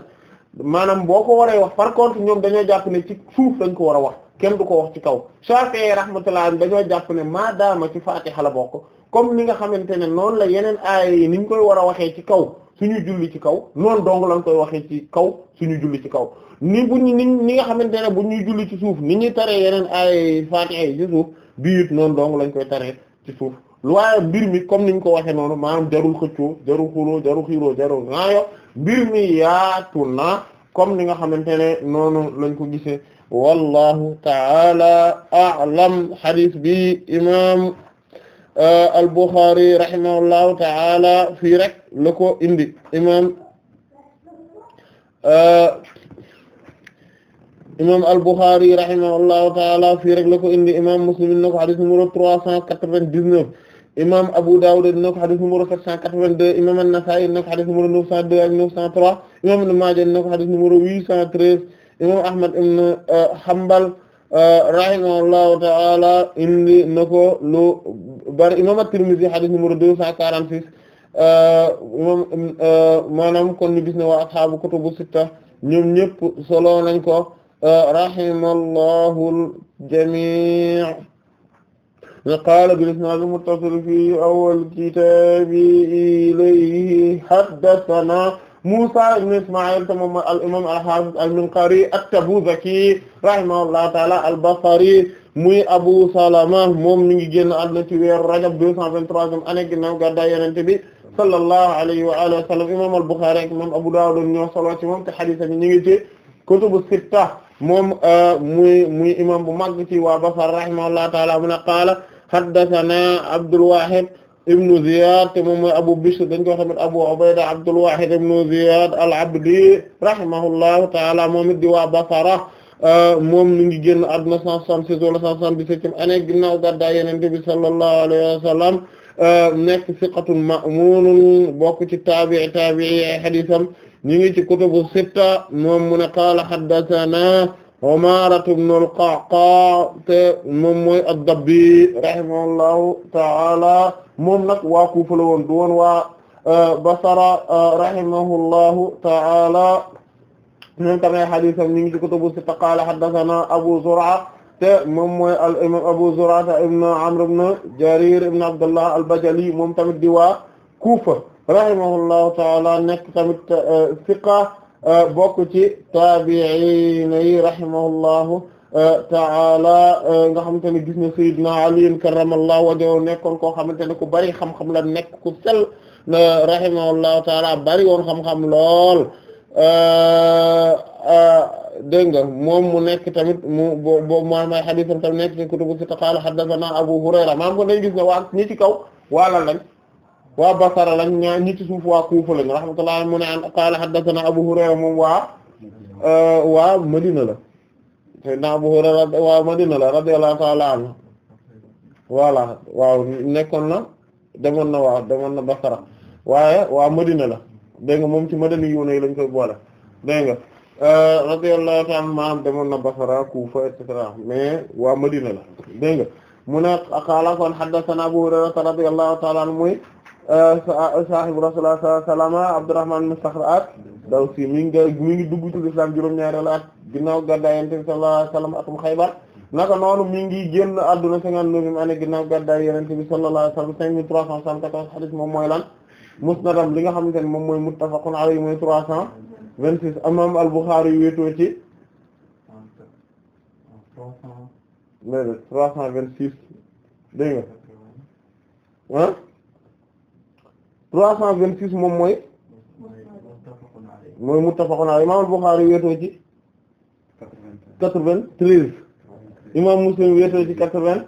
maanaam boo ko waree wax par contre ñoom dañoo jàpp ne ci suuf lañ ko war a wax kenn du ko wax ci kaw Shafi'i rahmatullah alayhi dañoo jàpp ne maadaama ci Fatiha la bokk comme ni nga xamante ne noonu la yeneen aaya yi koy war a waxee ci kaw suñu julli ci kaw noonu dong lañ koy waxee ci kaw suñu julli ci kaw ni bu ñi nga xamante ne bu ñuy julli ci suuf ni ñuy taree yeneen ay Fatiha ci suuf bii it noonu dong lañ koy taree ci suuf waaye mbir mi comme niñ ko waxee noonu maanaam jarul xëccoo jarul xuloo jarul xiiroo jarul mbir mi yaatu na comme ni nga xamante ne noonu lañ ko gisee wallahu taala a'lam hadith bi imam euh, al-Bukhari rahimahullahu taala fii rek la ko indi imam euh, imam al-Bukhari rahimahullahu taala fii rek la ko indi imam Muslim na ko xadis numéro trois cent quatre-vingt-dix-neuf imam Abu Dawud na ko xadis numéro sept cent quatre-vingt-deux imam huit cent treize imam Ahmad ibn uh, Hanbal uh, rahimahullahu taala indi na ko bari imam at-Tirmidhi xadis numéro deux cent quarante-six uh, imam maanaam kon ñu gis ne waa ashaabu kutubu sitta ñoom ñëpp solo nañ ko rahimallahu al-jamii' qaala bil-isnaad al-muttasil fii awwal kitaabi ilayhi haddathanaa Muusaa ibn Ismaa'iil moom al-imaam al-haafiz al-Minqari at-Tabuzaki rahimahullahu ta'aala al-Basri muy Abu Salama moom mi ngi génn àdduna ci weeru Rajab 223e année ginnaaw gàddaay Yonent bi sallallahu alayhi wa aalihi wa sallam imaam al-Bukhari ak imaam Abu Daawud ñoo solo ci moom te hadiis bi ñu ngi ci kutubu sitta moom euh, muy muy imam bu mag ci waa Basra rahimahullahu ta'ala mu ne qaala haddathana Abdul Wahid ibnu Ziyad te moom mooy Abu Bishr dañ ko tamit Abu Ubayda Abdul Wahid ibnu Ziyad al-Abdi rahimahullahu ta'ala moom it di waa Basra euh, moom mi ngi génn àdduna 176 wala 177 année ginnaaw gàddaay Yonent bi sallallahu alayhi wa sallam euh, nekk siqatun ma'mun bokk ci taabi'i taabi'i ay hadiisam ñu ngi ci kutubu sitta moom mu ne qaala haddathana Umaaratu ibnu al-Qa'qaa' te moom mooy ad-Dabbi rahimahullahu ta'ala moom nag waa Kuufa la woon du woon waa euh, Basra euh, rahimahullahu ta'ala ñoom tamit hadiisam ñu ngi ci kutubu sitta qaala haddathana Abu Zur'a te moom mooy al-imaam Abu Zur'a ibnu Amr ibnu Jarir ibnu Abdullah al-Bajali moom tamit di waa Kuufa rahimahullahu taala nekk tamit siqa euh, euh, bokk ci taabi'iin yi rahimahullahu euh, taala nga xamante ne gis na sayyidina Ali karramallahu wajhahu nekkoon koo xamante ne ku bari xam-xam la nekk ku sell rahimahullahu taala bari woon xam-xam lool dégg nga moom mu nekk tamit mu boobu maa may xadiisam tamit nekk ci kutubu sitta qaala haddathana Abu Hurayra maam ko dañ gis ne waa ñi ci kaw waalal lañ waa Basra lañ ñaa ñi ci suuf waa Kufa lañ rahmatullah mu ne an qaala haddathana Abu Hurayra moom waa euh, waa Madina la sayyidina Abu Hurayra waa Madina la radiyallahu ta'ala anhu waaw nekkoon na demoon na waaw demoon na Basra waaye waa Madina la dégg moom ci Madina yu ne lañ koy boole dégg nga euh, radiyallahu ta'ala maanaam demoon na Basra mais waa Madina la dégg mu ne qaala kon haddathana Abu Hurayra radiyallahu ta'ala anhu saahibu rasulullah sallallahu alayhi wa sallam Abdurrahman ibn Sakhr ad-Dawsi mi ngi mi ngi dugg ci lislaam juróom-ñaari at ginnaaw gàddaay Yonent bi sallallahu alayhi wa sallam atum Xaybar naka noonu mi ngi génn adduna cinquante-neuvième année ginnaaw gàddaay Yonent bi sallallahu alayhi wa sallam cinq mille trois cent soixante-quatorze moom mooy lan musnadam li nga xamante ne moom mooy muttafaqun alayhi mooy trois cent vingt-six imam al-Bukhari wéetoo ci trois cent vingt-six dégg nga trois cent vingt six moom mooy mooy muttafaqun alayhi imaam al-Bukhari wéetoo ci quatre vingt treize imaam Muslim wéetoo ci quatre vingt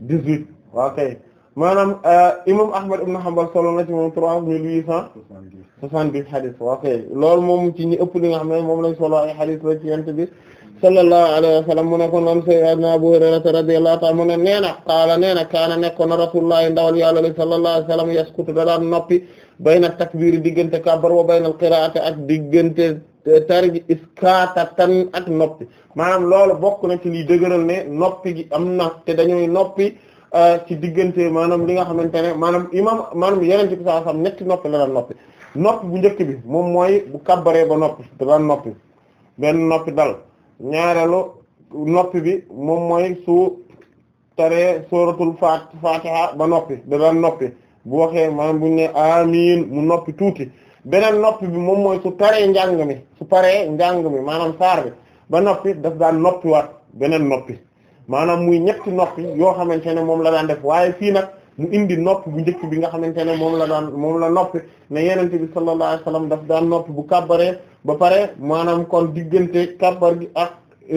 dix huit waaw kay maanaam euh, imaam Ahmad ibn Hanbal solo na ci moom trois mille huit cent soixante dix xadis waaw kay loolu moom ci ñi ëpp li nga xam ne moom lañ solo ay xadis la ci yent bi sallallahu alayhi wa sallam mu ko noon sayyidina Abu Hurayra radiyallahu ta'ala mu ne nee na qaala nee na kaana nekkoon na Rasulullah ndawal yàlla sallallahu alayhi wa sallam yaskutu da daan noppi bayna takbiir diggante kabbar wa bayna qiraa'ati ak diggante tarigi tan ak noppi maanaam lool bokk na ci lii dëgëral ne noppi gi am na te dañuy noppi euh, ci diggante maanaam li nga xamante ne maanaam imam maanaam yeneen ci saa sam ñetti noppi la noppi noppi bu njëkk bi moom mooy bu kabbaree ba noppi da daan noppi noppi dal ñaareelu noppi bi moom mooy su taree sooratul faat fatiha ba noppi da daan noppi bu waxee maanaam bu ne amiin mu noppi tuuti beneen noppi bi moom mooy su taree njàng mi su paree njàng mi maanaam saar bi ba noppi daf daan noppiwaat beneen noppi maanaam muy ñetti noppi yoo xamante ne moom la daan def waaye fii nag mu indi nopp bu njëkk bi nga xamante ne moom la daan moom la noppi ne yenente bi sallallahu alayhi wasallam daf daan nopp bu kàbbaree ba pare maanaam kon diggante kàbbar gi ak e,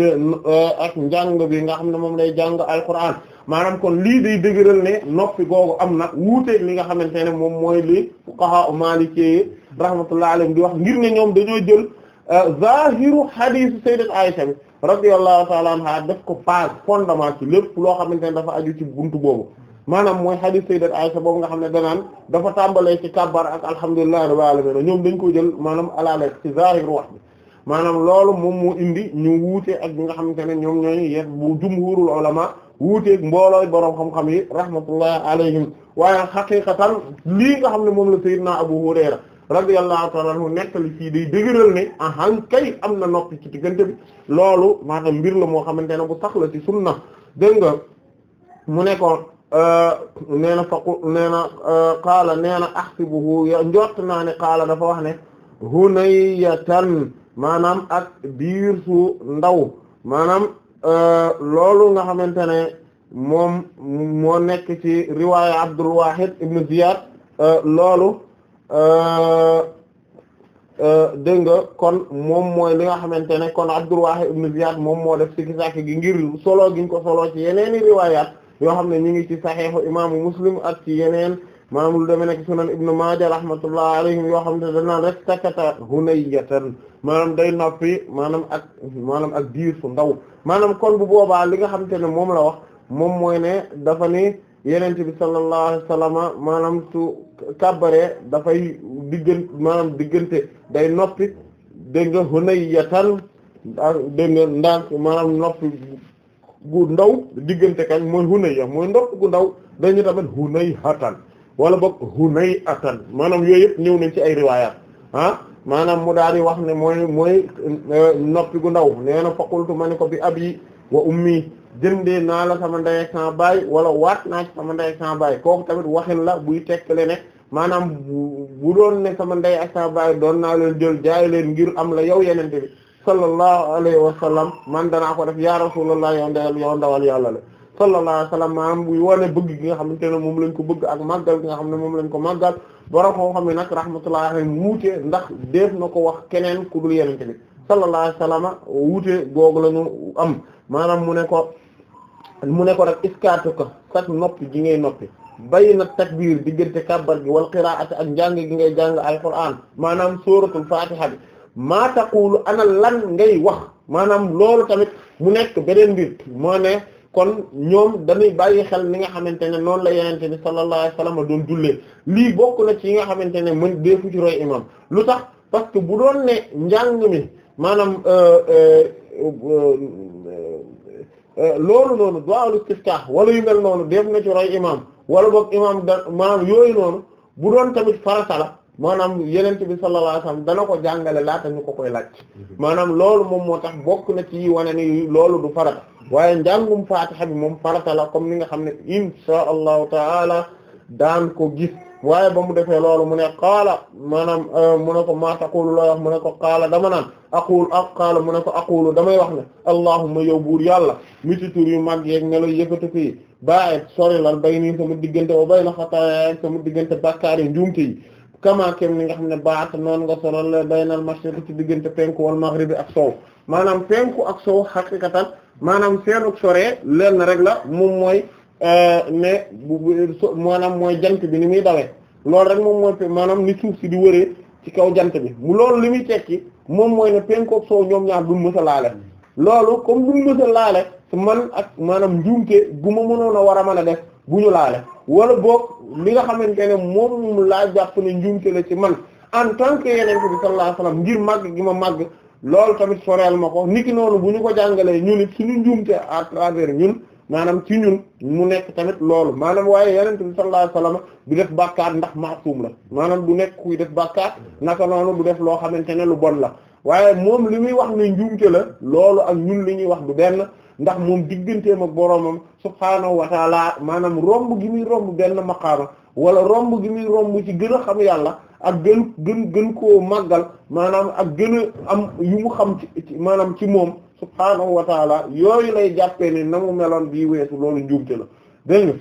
e, ak njàng bi nga xam ne moom lay jàng alquran maanaam kon lii day dëgëral ne noppi googu am na wuuteeg li nga xamante ne moom mooy li fuqaha maliki rahmatullahi alayhim di wax ngir ne ñoom dañoo jël e, zahiru hadisu sayyidat Aisha bi radiyallahu ta'ala anha daf ko base fondement ci lépp loo xamante ne dafa aju ci buntu boobu maanaam mooy hadith sayyidat Aisha boobu nga xam ne danaan dafa tàmbalee ci kabbar ak alhamdulillahi rabbil alamin ñoom dañ ko jël maanaam alaale ci zahir wax bi maanaam loolu moom mu indi ñu wuute ak ñi nga xamante ne ñoom ñooy yet bu la ulama wuuteeg mboolooy boroom xam-xam yi rahmatullahi alayhim waaye xaqiqatan lii nga xam ne moom la sayyidna Abu Hurayra radiyallahu ta'ala anhu nettali fii day ni a ahan kay am na noppi ci diggante bi loolu maanaam mbir la moo xamante ne bu sax la ci sunna dégg nga mu ne Euh, nee na faqu nee na euh, qaala nee na ahsibuhu njort naa ne qaala dafa wax ne hunayatan maanaam ak biir su ndaw maanaam euh, loolu nga xamante ne moom moo nekk ci riwaaya Abdul Wahid ibn Ziyad loolu dégg nga kon moom mooy li nga xamante ne kon Abdul Wahid ibn Ziyad moom moo def sikki sàkk gi ngir solo gi ko solo ci yeneeni riwaayaat yoo xam ne ñu ngi ci saxiixu imaamu muslim ak ci yeneen maanaam lu demee nekk sunan ibnu maaja rahmatullahi alayhim yoo xam ne danaan rek sakata hunayatan maanaam day noppi maanaam ak maanaam ak diir su ndaw maanaam kon bu boobaa li nga xam te ne moom la wax moom mooy ne dafa ni yenente bi sallallahu alayhi wasallam maanaam su kàbbaree dafay diggante maanaam diggante day noppi dégg nga hunayatan dégg nga noppi gu ndaw diggante kañ mooy hunayya mooy ndort gu ndaw dañu tamit hunayhatan wala boog hunayatan maanaam yooyu yëpp ñëw nañ ci ay riwaayaat ah maanaam mu daal di wax ne mooy mooy euh, noppi gu ndaw nee na faqultu ma ne ko bi abi wa ummi jëndee naa la sama ndey ak sama baay wala waat naa ci sama ndey ak sama baay kooku tamit waxin la buy tekkale ne maanaam bu doon ne sama ndey ak sama baay doon naa leen jël jaay ngir am la yow yenente bi sallallahu alayhi wa sallam man danaa ko def ya rasulullah yow ndawal yàlla la sallallahu alayhi wa sallam maanaam buy wane bëgg gi nga xamante ne moom lañ ko bëgg ak màggal gi nga xam ne moom lañ ko màggal borom koo xam ne nag rahmatullahi alayhi wuute ndax def na ko wax keneen ku dul yenente bi sallallahu alayhi wa sallam wuute googu la ñu am maanaam mu ne ko mu ne ko rek iskaatu ko sax noppi gi ngay noppi bayna takbiir diggante kabbar gi wal qiraa'ati ak njàng gi ngay jàng alquraan maanaam suratul fatiha bi maa taqulu ana lan ngay wax maanaam loolu tamit mu nekk beneen mbir moo ne kon ñoom dañuy bàyyi xel li nga xamante ne noonu la yenente bi sallallahu alayhi wasallam doon jullee lii bokk na ci yi nga xamante ne mën deefu ci roy lu tax parce que bu doon ne njàng mi maanaam euh, euh, euh, loolu noonu du'aul istiftah wala yu noonu def na ci roy imam wala boog imam maanaam yooyu noonu bu doon tamit farata maanaam yenent bi sallallahu alayhi wasallam dana ko jàngale laata ñu ko koy laaj maanaam loolu moom moo tax bokk na ci wane ni loolu du farata waaye njàngum faatiha bi moom farata la comme ni nga xam ne insha allahu taala daan ko gis waaye ba mu defee loolu mu ne qaala maanaam euh, mu ne ko maa taqulu looy wax mu ne ko qaala dama naan aqulu ak qaala mu ne ko aqulu damay wax ne allahumma yow buur yàlla mi ci tur yu mag yeeg ne la yëkkati fii ba'id sori lan bay nii sama diggante wa bayna xataaya sama diggante bakkaari njuumte kama kem ni nga xam ne baat noonu nga solal la baynal mashriq ci diggante penku wal maghrib ak sow maanaam penku ak sow xaqiqatan maanaam seenuk soree lenn rek la moom mooy euh, ne maanaam mooy jant bi ni muy dawee loolu rek moom mooy maanaam ni suuf si di wëree ci kaw jant bi mu loolu li muy tekki moom mooy ne penku ak ñoom ñaar duñ mës a laale loolu comme duñ mës a laale man ak maanaam njuumte gu ma mënoon a war a mën a def bu ñu laale wala boog li nga xamante ne moom laa jàpp ne njuumte la ci man en tant que yeneen bi sallallahu alayhi ngir màgg gi ma màgg loolu tamit soreel ma ko niki noonu bu ñu ko jàngalee ñun it suñu njuumte a travers ñun maanaam ci ñun mu nekk tamit loolu maanaam waaye yeneen bi sallallahu alayhi wasallam du def bàkkaar ndax maasum la maanaam du nekk kuy def bàkkaar naka noonu du def loo xamante ne lu bon la waaye moom li muy wax ne njuumte la loolu ak ñun li ñuy wax du benn ndax moom digganteem ak boroomam subhaanahu wa taala maanaam romb gi muy romb benn maqaama wala romb gi muy romb ci gën a xam yàlla ak gën gën gën koo màggal maanaam ak gën am yu mu xam ci maanaam ci moom subhaanahu wa taala yooyu lay jàppee ne na meloon bii weesu loolu njuumte la dégg nga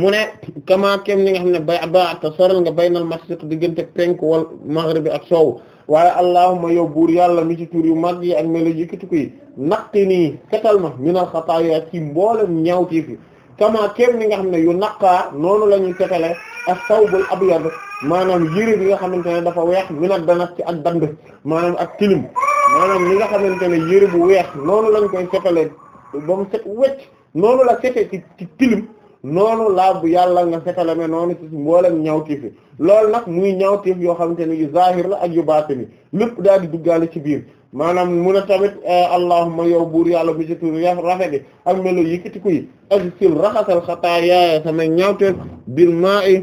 mu ne kama kem ni nga xam ne bay ba ta soral nga baynal masriq diggante penku wal maghrib ak soow waaye allahumma yow buur yàlla mi ci tur yu mag yi ak melo yëkkati ko yi naqi nii setal ma minal xataaya ci mboolem ñaawtii fi kama kéem ni nga xam ne yu naqaa noonu la ñuy setale ak sawbul abyad maanaam yëre bi nga xamante ne dafa weex minal danas ci ak dand maanaam ak tilim maanaam li nga xamante ne yëre bu weex noonu lañ koy setale ba mu set wecc noonu la sete ci tilim noonu laab bu yàlla nga setalame noonu ci mboolem ñawtiif yi loolu nag muy ñawtiif yoo xamante ne yu zahir la ak yu baatini lépp daal di duggaale ci biir maanaam mu ne tamit eh, allahumma yow buur yàlla bi ci tur rafet bi ak melo yëkkatiku yi ak sil raxasal xataayaaya sama ñawteef bil maa'i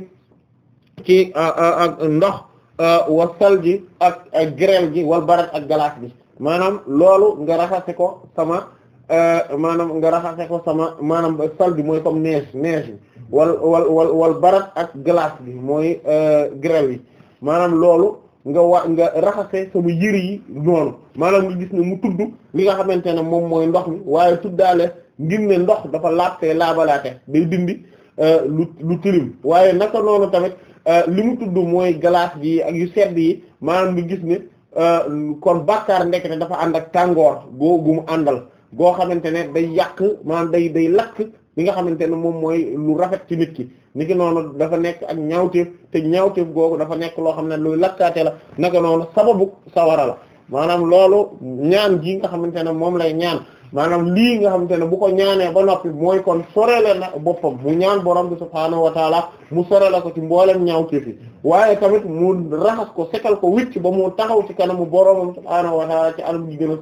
ci eh, eh, ak ndox wa salji ak grêle gi wal barat ak glace bi maanaam loolu nga raxase ko sama Euh, maanaam nga raxase ko sama maanaam sal bi mooy comme neige neige bi wal wal wal wal ak glace bi mooy euh, grêle yi maanaam loolu nga wa nga raxase sama yër yi noonu maanaam nga gis ne mu tudd li nga xamante ne moom mooy ndox mi waaye tuddaale ngir ne ndox dafa laajtee laabalaate day dindi euh, lu lu tilim waaye naka noonu tamit li mu tudd mooy glace bi ak yu sedd yi maanaam nga gis ne kon bàkkaar ndekete dafa ànd ak tàngoor boo mu àndal goo xamante ne day yàq maanaam day day lakk li nga xamante ne moom mooy lu rafet ci nit ki niki noonu dafa nekk ak ñaawteef te ñaawteef googu dafa nekk loo xam ne luy lakkaate la naka noonu sababu sawara la maanaam loolu ñaan gi nga xamante ne moom lay ñaan maanaam lii nga xamante ne bu ko ñaanee ba noppi mooy kon sorele na boppam mu ñaan borom bi subhaanahu wa taala mu sorele ko ci mboolem ñaawteef yi waaye tamit mu raxas ko setal ko wicc ba mu taxaw ci kanamu boromam subhaanahu wa taala ci anam gi gën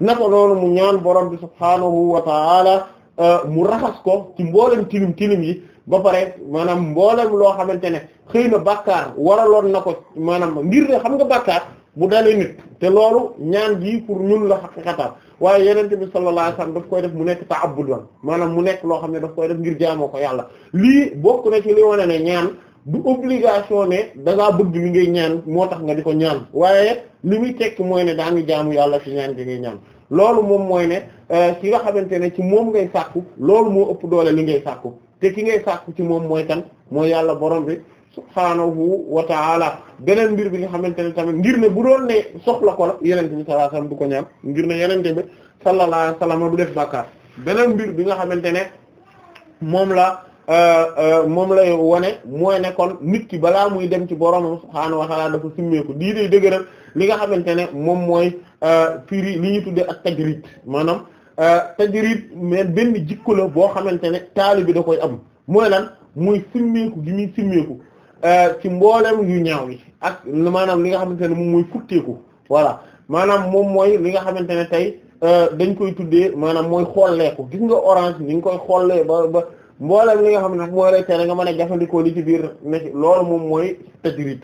naka noonu mu ñaan borom bi subhaanahu wa ta'ala euh, mu raxas ko ci mboolem tilim tilim yi ba pare maanaam mboolem loo xamante ne xëy na bàkkaar waraloon na ko maanaam ngir ne xam nga bàkkaar bu dalee nit te loolu ñaan gi pour ñun la xaqiqatan waaye yenente bi sallallahu alayhi wasallam daf koy def mu nekk ta'abbud maanaam mu nekk loo xam ne daf koy def ngir jaamoo ko yàlla lii bokk na ci li wane ne ñaan du obligation ne da ngaa bëgg li ngay ñaan moo tax nga di ko ñaan waaye li muy tekk mooy ne daa ngi jaamu yàlla ci ñaan gi ñaan loolu moom mooy euh, ki nga xamante ne ci moom ngay sàkku loolu moo ëpp doole li ngay sàkku te ki ngay sàkku ci moom mooy tan mooy yàlla boroom bi subhaanahu wa ta'ala beneen mbir bi nga xamante ne tamit ngir ne bu doon ne soxla ko la yenente bi sallallahu alayhi ko ñaan ngir ne yenente bi sallallahu alayhi wasallam du def bàkkaar beneen mbir bi nga xamante ne moom la Euh, euh, moom lay wone mooy ne nit ki balaa muy dem ci boroomam subhaanahu wa ta'ala dafa simmeeku lii day dëgëral li nga xamante ne moom mooy euh, firi li ñu tuddee ak tajrid maanaam tajrid mais benn jikko boo xamante ne taali bi da koy am mooy lan mooy gi muy simmeeku ci mboolem yu ñaaw yi ak maanaam li nga xamante ne moom mooy futteeku voilà maanaam moom mooy li nga xamante ne tey dañ koy tuddee maanaam mooy xolleeku gis nga orange ni nga koy xollee ba ba mboolem li nga xam ne nag moo lay tere nga mën a jafandikoo li ci biir nekk loolu moom mooy tajrid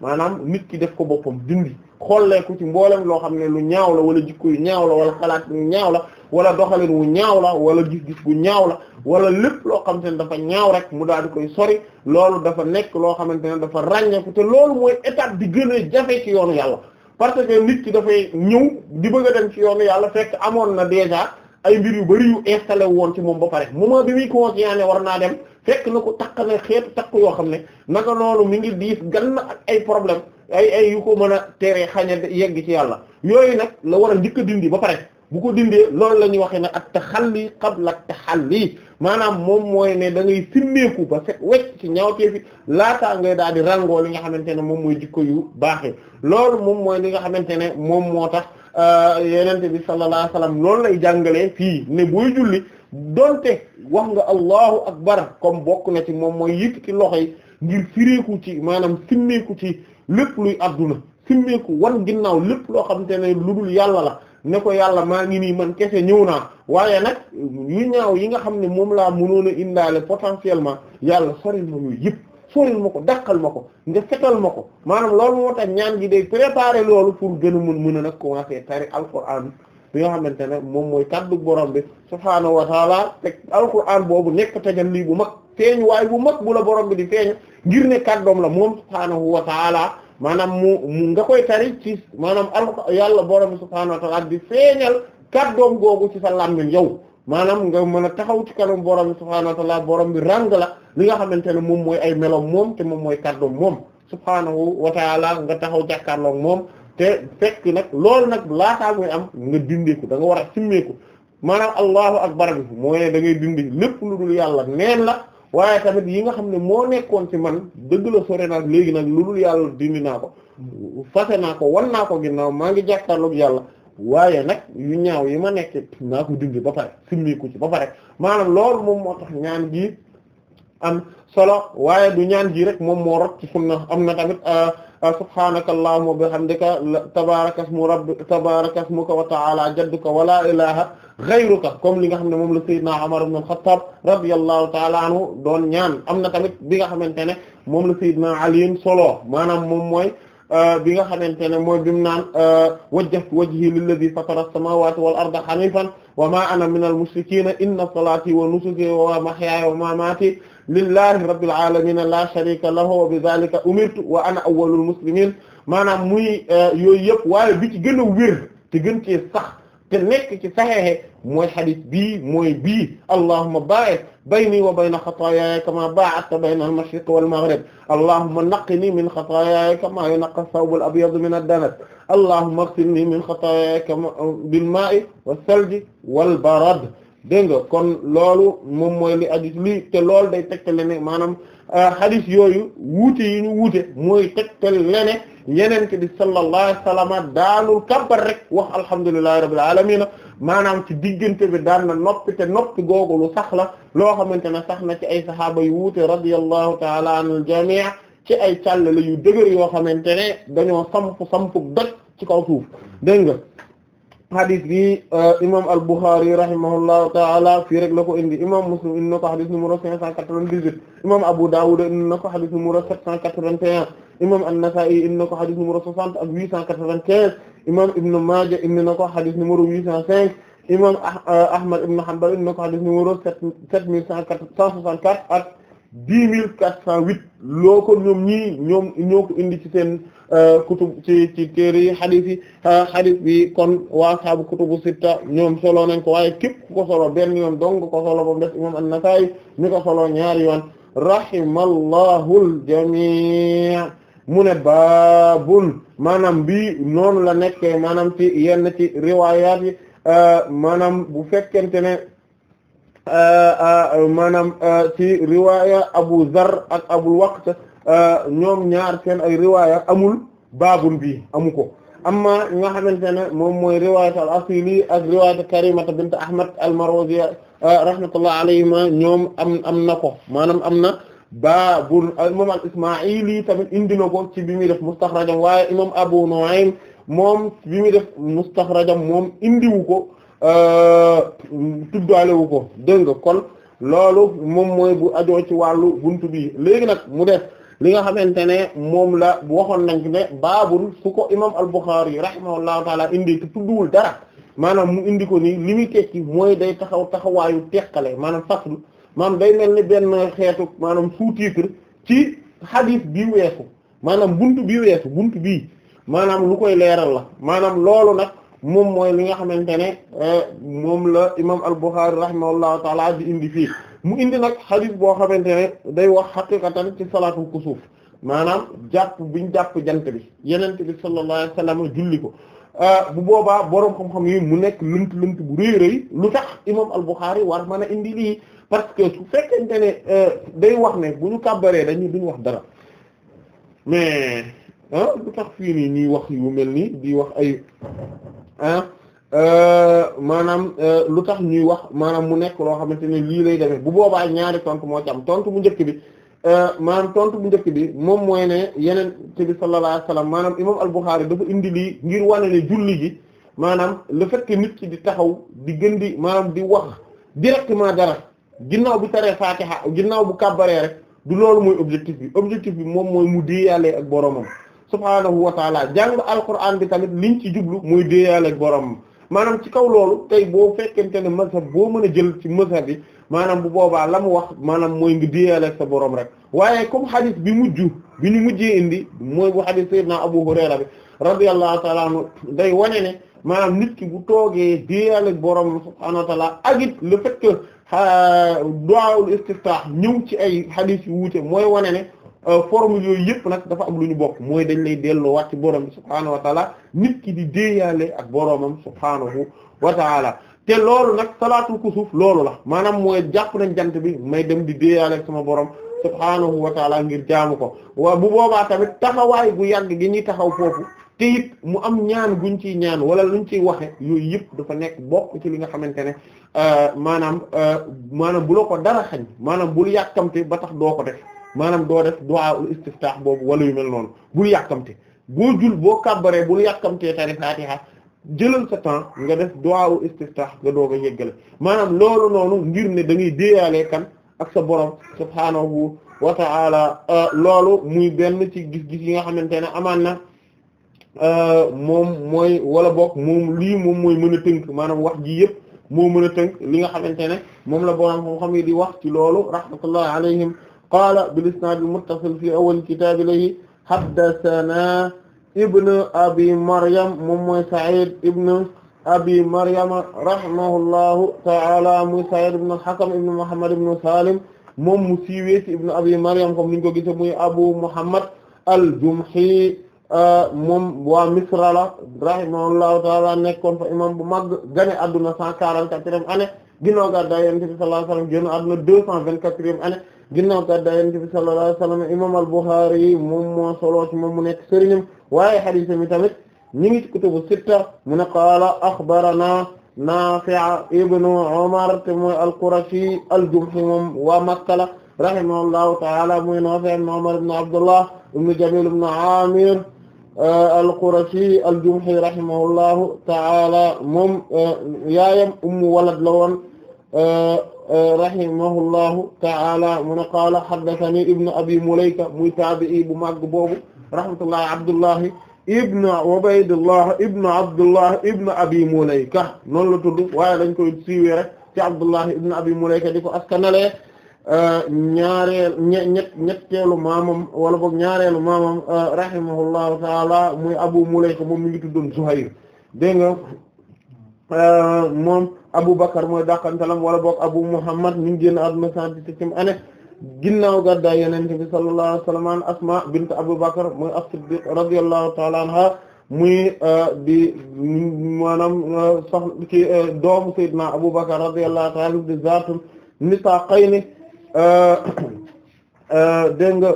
maanaam nit ki def ko boppam dindi xollee ko ci mbooleem loo xam ne lu ñaaw la wala jikko yu ñaaw la wala xalaat ñaaw la wala doxalin wu ñaaw la wala gis-gis ñaaw la wala lépp loo xamante ne dafa ñaaw rek mu daal di koy sori loolu dafa nekk loo xamante ne dafa ràññeeku te loolu mooy état bi gën a jafe ci yoonu yàlla parce que nit ki dafay ñëw di bëgg a dem ci yoonu yàlla fekk amoon na déjà ay mbir yu bari yu installé woon ci moom ba pare moment bi muy conscient ne war naa dem fekk na ko takk na xeetu takk yoo xam ne naka noonu mi ngi diis ganna ak ay problème ay ay yu ko mën a teree xañ yegg ci yàlla yooyu nag la war a njëkk a dindi ba pare bu ko dindee loolu la ñuy waxee ne at taxalli qabla at taxalli maanaam moom mooy ne da ngay simmeeku ba set wecc ci ñaawtee fi laataa ngay daal di rangoo li nga xamante ne moom mooy jikko yu baaxee loolu moom li nga xamante ne moom moo tax Euh, yenente bi sallallahu alayhi wasallam loolu lay jàngalee fii ne booy julli donte wax nga allahu akbar comme bokk na ci moom mooy yëkkati loxo yi ngir fireeku ci maanaam simmeeku ci lépp luy adduna simmeeku wan ginnaaw lépp loo xam te ne lu dul yàlla la ne ko yàlla maa ngi nii man kese ñëw naa waaye nag yu ñaaw yi nga xam ne moom laa mënoon a indaale potentiellement yàlla sori na yooyu yëpp soril ma ko dàqal ma ko nga setal ma ko maanaam loolu moo tax ñaan gi dey préparer loolu pour gën mun mën mën a nag commencer tari alquran bi nga xamante ne moom mooy kaddu borom bi subhaanahu wa taala te alquran boobu nekk tajalli bu mag feeñ waaye bu mag bu la borom bi di feeñ ngir ne kaddoom la moom subhaanahu wa taala maanaam mu nga koy tari ci maanaam al yàlla borom bi subhaanahu wa taala di feeñal kaddoom googu ci sa làmmiñ yow maanaam nga mën a taxaw ci kanam borom bi subhaanahu wa ta'ala borom bi ràng la li nga xamante ne moom mooy ay meloom moom te moom mooy kàddoom moom subhaanahu wa ta'ala nga taxaw jàkkaarloog moom te fekk nag loolu nag laataa muy am nga dindeeku da nga war a simmeeku maanaam allahu akbar bi mooy ne da ngay dindi lépp lu dul yàlla neen la waaye tamit yi nga xam ne moo nekkoon ci man dëgg la sore naa léegi nag lu dul yàlla dindi naa ko fase naa ko wan naa ko ginna maa ngi jàkkaarloog yàlla waaye nag yu ñaaw yi ma nekk naa ko dindi ba pare simmiku ci ba pare maana loolu moom moo tax ñaan gi am solo waaye du ñaan gi rek moom moo rot ci sunna am na tamit euh, euh, subhanaka allahumma wa bihamdika tabaraka ismu rabbika tabaraka ismuka wa ta'ala jadduka wa la ilaha ghayruka comme li nga xam ne moom la sayyidna Umar ibn al-Khattab radiyallahu ta'ala anhu doon ñaan am na tamit bi nga xamante ne moom la sayyidna Ali solo maanaam moom mooy Euh, bi nga xamante ne mooy bi mu naan euh, wajjahtu wajhi lilladhi fatara as-samawati wal arda hanifan wa ma ana minal mushrikina inna salati wa nusuki wa mahyaya wa mamati lillahi rabbil alamin la sharika lahu wa bidhalika umirtu wa ana awwalul muslimin maanaam muy euh, yooyu yëpp waaye bi ci gën a wér te gën ci sax te nekk ci saxeexe mooy xadis bii mooy bii allahumma baa'id bayni wa bayna xataayaaya kamaa baa'adta bayna al-mashriq wal-maghrib allahumma naqqini min xataayaaya kamaa yunaqqa ath-thawbu al-abyadu min ad-danas allahumma ighsilni min xataayaaya kamaa bil-maa'i was-salji wal-barad dégg nga kon loolu moom mooy li aju li te lool day tegtale ne maanaam euh, hadith yooyu wuute yi ñu wuute mooy tegtale ne yeneen ki di sallallahu alayhi wa sallam daanul kabbar rek wax alhamdulillahi rabbil alamin maanaam ci diggante bi daan na noppi te noppi googu lu sax la loo xamante ne sax na ci ay saxaaba yu wuute radiyallahu ta'ala anil jami' ci ay càll la yu dëgër yoo xamante ne dañoo samp samp doj ci kaw suuf dégg nga xadis bi euh, imam al-Bukhari rahimahullahu taala fii rek la ko indi imam Muslim indi na ko xadis numéro 598 imam Abu Dawud indi na ko xadis numéro 781 imam an-Nasa'i indi na ko xadis numéro 60 ak 895 imam Ibn Maaja indi na ko xadis numéro 805 imam ah-, euh, Ahmad ibn Hanbal indi na ko xadis numéro 7164 ak 10408 loo ko ñoom ñii ñoom ñoo ko indi ci seen Euh, kutub ci ci téere yi xadis yi kon waa saabu sitta ñoom solo nañ ko waaye képp ko solo benn yoon dong ko solo ba mbes imam an mi ko solo ñaari yoon rahimallahu al-jamii mu ne baabun maanaam bii noonu la nekkee maanaam ci yenn ci riwaayaat euh, maanaam bu fekkente ne euh, maanaam ci riwaaya Abu Zarr ak Abul Waqt Euh, ñoom ñaar seen ay riwaaya amul baabun bi amu ko amma ñi nga xamante ne moom mooy riwaayat al asili ak riwaayat karimata bint ahmad al marwaziya euh, rahmatullah alayhima ñoom am am na ko maanaam am na baabul imam euh, al ismaili tamit indi na ko ci bi muy def mustaxrajam waaye imam abu nu'aym moom bi muy def mustaxrajam moom indiwu ko tuddaalewu ko dégg nga kon loolu moom mooy bu ajoo ci wàllu buntu bi léegi nag mu def li nga xamante ne moom la waxoon nañ ne baabul su ko imam al-Bukhari rahimahullahu taala indi te tudduwul dara maanaam mu indi ko nii li muy tekki mooy day taxaw taxawaayu teqale maanaam faslu maanaam day mel ni benn xeetu maanaam sous-titre ci hadith bi weesu maanaam bunt bi weesu bunt bi maanaam lu koy leeral la maanaam loolu nag moom mooy li nga xamante ne eh, moom la imam al-Bukhari rahimahullahu taala bi indi fii mu indi nag xadis boo xamante ne day wax xaqiqatan ci salaatul kusuuf maanaam jàpp biñ jàpp jant bi yenente bi sallallahu alayhi wasallam julli ko euh, bu boobaa boroom xam-xam yi mu nekk lënt lënt bu rëy rëy lu tax imam al-Bukhari war mën a indi lii parce que su fekkente ne euh, day wax ne bu ñu kàbbaree dañu duñ wax dara mais lu tax fii nii ñuy wax yu mel nii di wax ay Euh, maanaam euh, lu tax ñuy wax maanaam mu nekk loo xamante ne lii lay demee bu boobaa ñaari tontu moo ci am tontu bu njëkk bi euh, maanaam tontu mu njëkk bi moom mooy ne yeneen te bi sallallahu alayhi wasallam maanaam imam al-Bukhari dafa indi lii ngir wane ne julli gi maanaam le fait nit ki di taxaw di gën di maanaam di wax directement dara ginnaaw bu taree Fatiha ginnaaw bu kàbbaree rek du loolu mooy objectif bi objectif bi moom mooy mu déeyaalee ak boromam subhaanahu wa taala jàng alquran bi tamit liñ ci jublu mooy déeyaalee ak boromam. maanaam ci kaw loolu tey boo fekkente ne mazhab boo mën a jël ci mazhab yi maanaam bu boobaa la wax maanaam mooy ngi diyeele sa borom rek waaye comme hadith bi mujj bi ñu mujjee indi mooy bu hadith sayyidina Abu Hurayra bi radiyallahu ta'ala anhu day wane ne maanaam nit ki bu toogee diyeele borom subhaanahu wa ta'ala ak le fait que euh, du'aul ñëw ci ay hadith yu wuute mooy wane ne. Euh, forme yooyu yëpp nag dafa am lu ñu bokk mooy dañ lay delloowaat ci borom bi subhaanahu wa nit ki di déeyaale ak boromam subhaanahu wa taala te loolu nag salaatul kusuuf loolu la maanaam mooy jàpp nañ jant bi may dem di déeyaale ak sama borom subhaanahu wa taala ngir jaamu ko waaw bu boobaa tamit taxawaay gu yàgg gi ñuy taxaw foofu te mu am ñaan guñ ciy ñaan wala luñ ciy waxe yooyu yëpp dafa nekk bokk ci li nga xamante ne euh, maanaam euh, maanaam bu la ko dara xañ maanaam bul yàkkamte ba tax doo ko def maanaam doo def du'a ul istiftah boobu wala yu mel noonu bul yàkkamte boo jul boo kàbbaree bul yàkkamtee tari fatiha jëlal ka temps nga def du'a ul istiftah nga doog a yeggale maanaam loolu noonu ngir ne da ngay déeyaalee kan ak sa borom subhaanahu wa ta'ala euh, loolu muy benn ci gis-gis yi nga xamante ne amaan na euh, moom mooy wala boog moom lii moom mooy mën a tënk maanaam wax ji yëpp moo mën a tënk li nga xamante ne moom la borom xam-xam yi di wax ci loolu rahmatullahi alayhim qaala bil isnaad al muttasil fi awwal kitaab ilayhi haddasanaa ibn abi maryam moom mooy Sa'iid ibn abi maryam rahimahullahu ta'aala muy Sa'iid ibn al-Hakam ibn Muhammad ibn Saalim moom mu siiwee ci ibn abi maryam comme niñ ko gise muy abu Muhammad al-Jumhi euh, moom waa Misra la rahimahullahu ta'aala nekkoon fa imam bu mag gane adduna 144e année ginnaaw gàddaay Yonent bi sallallahu alayhi wa sallam génn adduna 224e année ginnaaw gàddaay Yonent bi sallallahu alayhi wa sallam imam al-Bukhari moom moo solo ci moom mu nekk sëriñam waaye hadith mi tamit ñi ngi ci kutubu sitta mu ne qaala akhbarana Nafi' ibnu Umar te mooy al-Qurashi al-Jumahi moom waa Makka la rahimahullahu ta'ala mooy Nafi' ibnu Umar ibnu Abdullah ibnu Jamil ibnu Amir euh, al-Qurashi al-Jumahi rahimahullahu ta'ala moom euh, yaayam ummu walad la woon euh, rahimahullahu ta'ala mu ne qaala haddathani ibnu abi mulayka muy taabi'i bu màgg boobu rahmatullahi abdullahi ibnu ubaydullah ibnu abdullah ibnu abi mulayka noonu la tudd waaye dañ koy siiwee rek ci abdullahi ibnu abi mulayka di ko askanalee ñaareel ñett ñetteelu maamam wala boog ñaareelu maamam rahimahullahu ta'ala muy abu mulayka moom mi ngi tuddoon zuhayr dégg nga Abu Bakar mooy dàqantalam wala boog Abu Muhammad mi ngi génn àdduna cent dix-septième année ginnaaw Asma bint Abu Bakar mooy as-Siddiq radiyallahu ta'ala anha muy euh, di maanaam euh, euh, doomu Seydina Abu Bakar radiyallahu ta'ala di zaatu nisaqayni dégg nga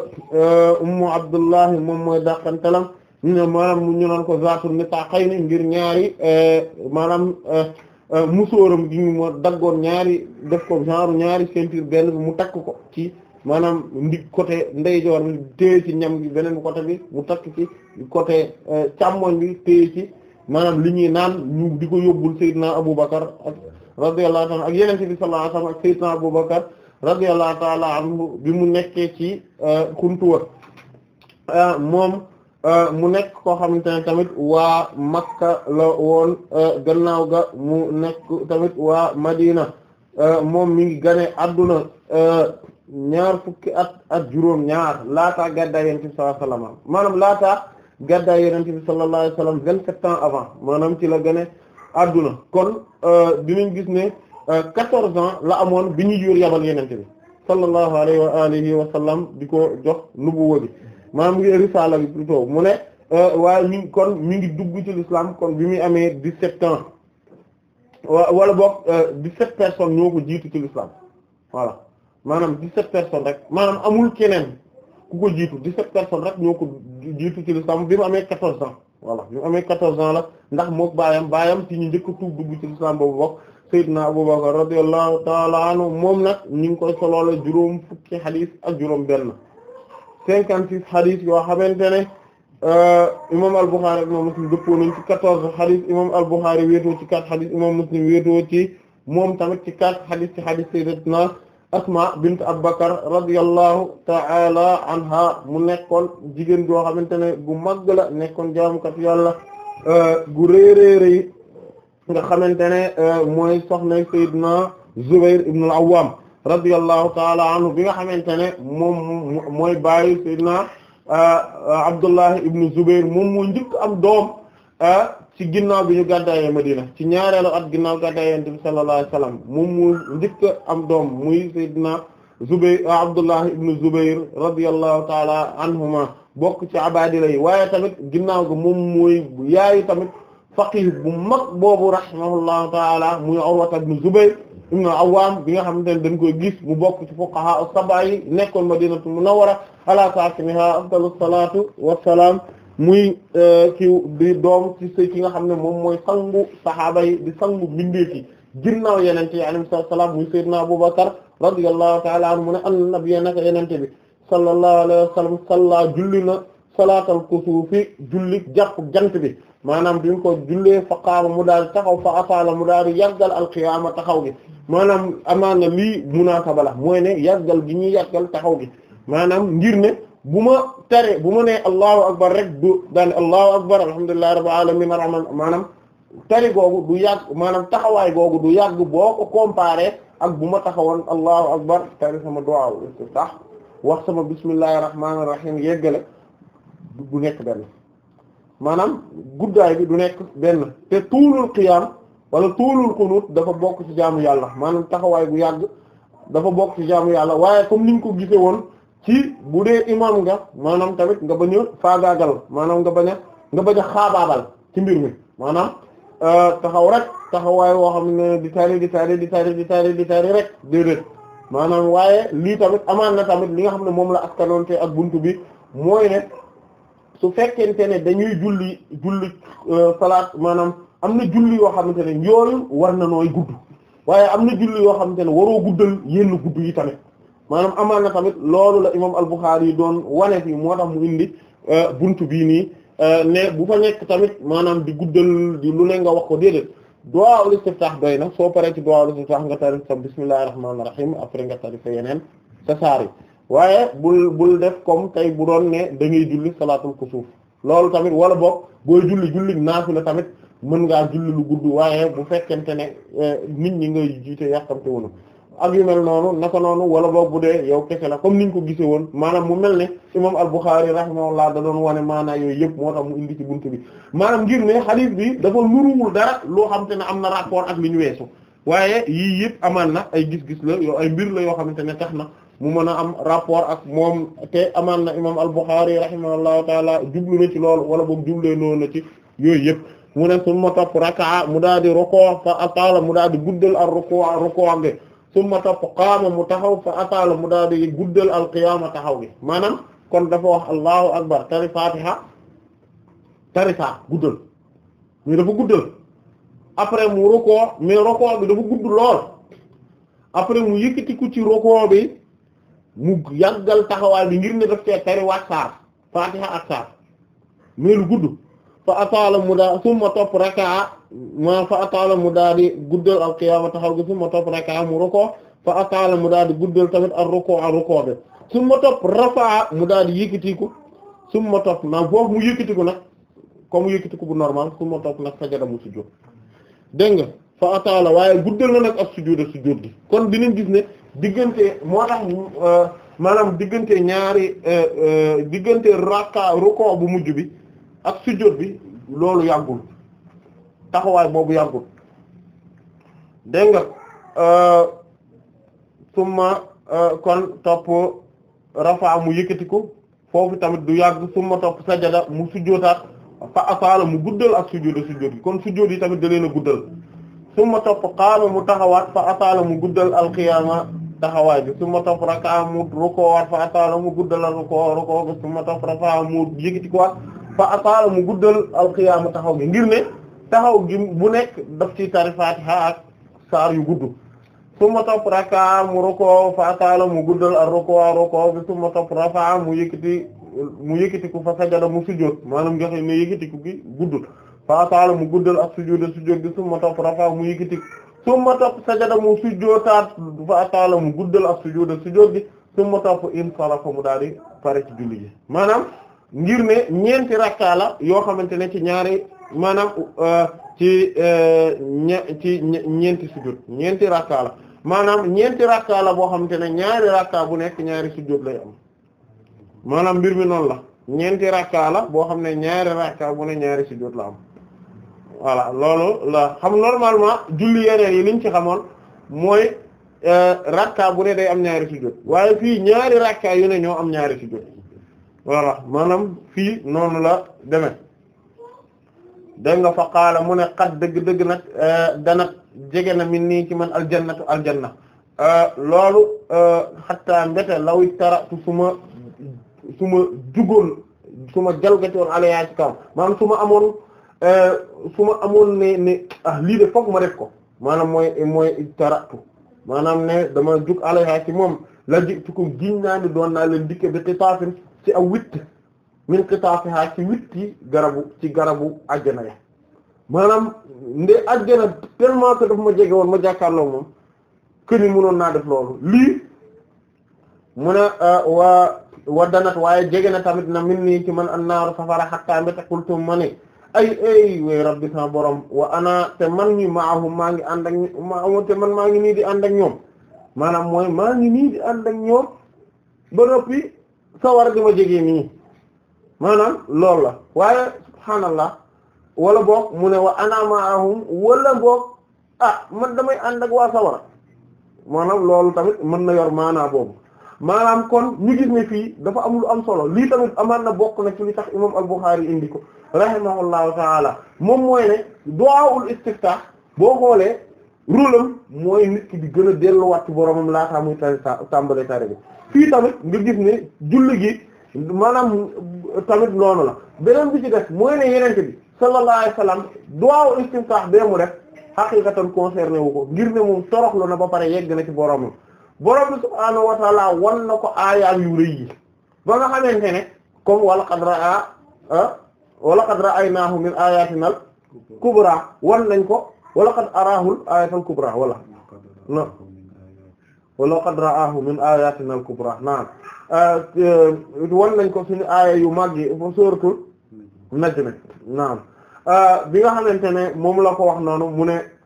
Ummu Abdullahi moom mooy dàqantalam ñu ne maanaam ñu naan ko zaatu ngir ñaari maanaam. Euh, musóoram gi mu daggoon ñaari def ko genre ñaari ceinture benn bi mu takk ko ci maanaam ndig côté ndeyjoor mi téye ci ñam gi beneen côté bi mu takk ci côté euh, càmmoñ bi téye ci maanaam li ñuy naan ñu di ko yóbbul Seydina Aboubacar ak radiyallahu ta'ala ak yeneen bi sallallahu alayhi wasallam ak Seydina Aboubacar radiyallahu ta'ala anhu bi mu nekkee ci xuntuwa euh, moom. Euh, mu nekk koo xamante tamit waa Makka la woon euh, gannaaw ga mu nekk tamit waa Madina euh, moom mi ngi gane adduna ñaar fukki at ak juróom ñaar laataa gaddaa yonent bi sallallahu alayhi wasallam maanaam laataa gaddaa yonent bi sallallahu alayhi wasallam vingt-sept ans avant maanaam ci la gane adduna kon dinañ gis ne quatorze ans la amoon bi ñu jur yabal yonent bi sallallahu alayhi wa di ko jox nubuwa bi maanaam mu ngi risaala bi plutôt mu ne euh, waaye mi kon mi ngi dugg ci l'islam kon bi muy amee dix-sept ans wala boog euh, dix-sept personnes ñoo ko jiitu ci l'islam voilà maanaam dix-sept rek maanaam amul keneen ku ko jiitu dix-sept personnes rek ñoo ko jiitu ci l'islam bi mu amee quatorze ans voilà bi mu amee quatorze ans la ndax mook baayam baayam ci ñu njëkk a tuub dugg ci l'islam boobu bokk Seydina Abubakar radiyallahu ta'ala anhu moom nag ñu ngi koy soloole juróom fukki xadiis ak juróom benn cinquante-six hadith yoo xamante ne euh, imam al-Bukhari imam Muslim dëppoo nañ quatorze hadith imam al-Bukhari quatre hadith imam Muslim wéetoo moom tamit ci quatre hadith ci hadith sayyidatuna Asma bint Abubakar radiyallahu ta'ala mu nekkoon jigéen joo xamante ne gu mag la nekkoon jaamukat yàlla euh, gu réeréeréy nga xamante ne euh, mooy soxna Zubair ibn al-Awwam radiyallahu taala anhu bi nga xamante ne moom mooy baayu sayyidina uh, uh, Abdullah ibn Zubair moom moo njëkk am doom uh, ci ginnaaw bi ñu gàddaayee Madina ci ñaareelu at ginnaaw gàddaay Yonent bi sallallahu alayhi wasallam moom moo njëkk am doom muy sayyidina Zubair Abdullah ibn Zubair radiyallahu taala anhuma bokk ci abadila yi waaye tamit ginnaaw ga moom mooy yaayu tamit faqih bu mag boobu rahimahullahu taala muy Urwa ibn Zubair ibn Awwam bi nga xam ne dañ ko gis mu bokk ci fuqaha as-sab'a yi nekkoon Madinatu Munawwara ala saakiniha afdalu salaatu wassalaam muy euh, ki di doom ci sëy nga xam ne moom mooy sangu sahaaba yi di sangu mbindeef yi ginnaaw yenente yi alayhi salaam muy sayyidina Abu Bakar radiyallahu ta'ala anhu mu ne an nabiyya naka yenente bi sallallahu alayhi wa sallam salla julli na salaatal kusuufi julli jàpp jant bi maanaam bi ñu ko jullee fa qaama mu daal di taxaw fa ataala mu daal di yàggal alqiyaama taxaw gi maanaam amaan na lii munaasaba mooy ne yàggal gi ñuy yàggal taxaw gi maanaam ngir ne bu ma tere bu ma ne allahu akbar rek du daan allahu akbar alhamdulillahi rabbil alamin arrahman maanaam tari googu du yàgg maanaam taxawaay yàgg boo ko ak bu ma taxawoon allahu akbar tari sama du'a istiftah wax sama bismillahir rahmanir rahim yeggale bu nekk benn maanaam guddaay bi du nekk benn te tuulul qiyaam wala tuulul qunut dafa bokk ci jaamu yàlla maanaam taxawaay bu yàgg dafa bokk ci jaamu yàlla waaye comme niñ ko gisee woon ci bu dee imam nga maanaam tamit nga bañ a faagaagal maanaam nga bañ a nga bañ a xaabaabal ci mbir maanaam euh, taxaw rek taxawaay woo xam ne di tari di tari di tari di tari di tari rek déedéet maanaam waaye lii tamit amaan na tamit li nga xam ne moom la askanoonte ak bunt bi mooy ne su fekkente ne dañuy julli julli euh, salaat maanaam am na julli yoo xamante ne yooyu war na nooy gudd waaye am na julli yoo xamante ne waroo guddal yenn gudd yi tamit maanaam amaan na tamit loolu la imam al-Bukhari yi doon wane fi moo tax mu indi euh, buntu bii nii euh, ne bu fa nekk tamit maanaam di guddal di lu ne nga wax ko déedéet du'a ul istiftah doy na soo paree ci du'a ul istiftah nga tari sa bismillahir rahmanir rahim après nga tari sa yeneen sa saar yi waaye bul bul def comme tey bu doon ne da ngay julli salaatul kusuuf loolu tamit wala boog booy julli julli naafila tamit mën ngaa julli lu gudd waaye bu fekkente ne eh, nit ñi ngay jiite yàqamte wunu ak yu mel noonu naka noonu wala boog bu dee yow kese la comme niñ ko gisee woon maanaam mu mel ne imam al-Bukhari rahimahullah da doon wane maanaam yooyu yëpp moo tax mu indi ci bunt bi maanaam ngir ne hadith bi dafa nuruwul dara loo xam te ne am na rapport ak li ñu weesu waaye yii yëpp amaan na ay gis-gis la yoo ay mbir la yoo xamante ne tax na mu mën a am rapport ak moom te amaan na imam al-Bukhari rahimahullahu taala jublu na ci loolu wala boog jublee noonu na ci yooyu yëpp mu ne summa topp raka'a mu daa di rukoo mu daa di guddal al rukoo rukoo gi mu taxaw fa mu daa di guddal al qiyaama taxaw gi maanaam kon dafa wax allahu akbar tari fatiha tari fa guddal mais dafa guddal après mu rukoo mais rukoo bi dafa gudd lool après mu yëkkati ku ci rukoo bi mu yàggal taxawaay bi ngir ne daf fee tari waat saar fatiha ak saar gudd fa ataala mu daa summa topp raka ma mu daa di guddal al qiyaama taxaw gi summa topp raka mu ruko fa ataala mu daa di guddal tamit ar ruko ar ruko bi summa topp rafaa mu daa di yëkkatiku summa topp na foofu mu yëkkatiku nag comme yëkkatiku bu normal summa topp nag sajada mu sujjóot dégg nga fa ataala waaye guddal na nag ak sujjóot ak sujjóot bi kon dinañ gis ne diggante moo tax euh, maanaam diggante ñaari euh, euh, diggante rakka bu mujj bi ak sujjóot bi loolu yàggul taxawaay boobu yàggul dégg nga summa kon topp rafa mu yëkkati ko foofu tamit du yàgg summa topp sajada mu sujjóotaat fa ataala mu guddal ak sujjóot ak sujjóot gi kon sujjóot yi tamit da leen a guddal summa topp qaama mu taxawaat fa ataala mu guddal alqiyaama taxawaay bi summa topp raka'a mu rukoowaat fa ataala mu guddal rukoo rukoo mu yëkkati mu alqiyaama taxaw gi ngir ne taxaw gi bu nekk daf ci tari fatiha saar yu gudd summa topp raka'a mu rukoo fa ataala mu guddal al rukoo rukoo bi topp rafa'a mu yëkkati mu yëkkati ko fa sajada mu sujjóot maanaam nga xam ne yëkkati ko gi guddul faataala mu guddal ak sujjóot sujjóot gi summa topp rafa mu yëkkati summa topp sajada mu sujjóotaat faataala mu guddal ak sujjóot sujjóot gi summa topp insarafa mu daal di pare ci julli gi maanaam ngir ne ñeenti rakka la yoo xamante ne ci ñaari maanaam euh, ci euh, ña ci ñeenti sujjóot ñeenti rakka la maanaam ñeenti rakka la boo xamante ne ñaari rakka bu nekk ñaari sujjóot lay am maanaam mbir mi noonu la ñeenti rakka la boo xam ne ñaari rakka bu ne ñaari sujjóot la am voilà loolu la xam normalement julli yeneen yi liñ ci xamoon mooy euh, rakka bu ne day am ñaari sujjóot waaye fii ñaari rakka yu ne ñoo am ñaari sujjóot voilà maanaam fii noonu la demee dégg nga fa qaala mu ne xat dëgg-dëgg nag euh, dana jege na min nii ci man aljannatu aljanna euh, loolu xatta mbete law taratu suma ma jugoon ma jalgati woon alayaa ci kaw maanaam suma amoon su euh, ma amoon ne ne ah lii de foog ma def ko maanaam mooy mooy taratu maanaam ne dama jug alayha ci moom la ko giñ naa ni doon naa leen dikke bi xitaafin ci aw witt min xitaafiha ci witti garabu ci garabu ajjana ya maanaam nde ajjana tellement que daf ma jege woon ma jàkkaarloo moom que ni mënoon naa def loolu lii mu ne euh, waa wa danat waaye jege na tamit na min nii ci man annaaru safara xattaa mbéta kultum ma ne ay ay way rabbi sama borom wa ana te man mi maahum maa ngi ànd ak ma te man maa ngi nii di ànd ak ñoom maanaam mooy maa ngi nii di ànd ñoom ba noppi sawar di ma jege nii maanaam loolu la waaye subhaanallah wala boog mu ne wa ana maahum wala boog ah man damay ànd ak waa sawara maanaam loolu tamit mën na yor maanaa boobu maanaam kon ñu gis ne fii dafa am lu am solo lii tamit amaan na bokk na ci li tax imam al-Bukhari indi ko rahimahullahu taala moom mooy ne du'aul istiftah boo xoolee rulam mooy nit ki di gën a delluwaat ci boromam laataa muy tari tàmbalee tari bi fii tamit nga gis ne julli gi maanaam tamit noonu la beneen bi ci def mooy ne yenente bi sallallahu alayhi wasallam du'aul istiftah bee mu def xaqiqatan concerné wu ko ngir ne moom toroxlu na ba pare yegg na ci boromam borom bi subhaanahu wa taala wan ko aayaam yu rëy yi ba nga xamante ne comme wala qad raa ah, wala qad ra'aynahu min ayatinal kubra wan nañ ko wala qad araahul ayatal kubra wala wala qad ra'ahu min ayatinal kubra naan ah, wan nañ ko suñu yu mag naam ah, bi nga xamante ne moom la ko wax noonu mu ne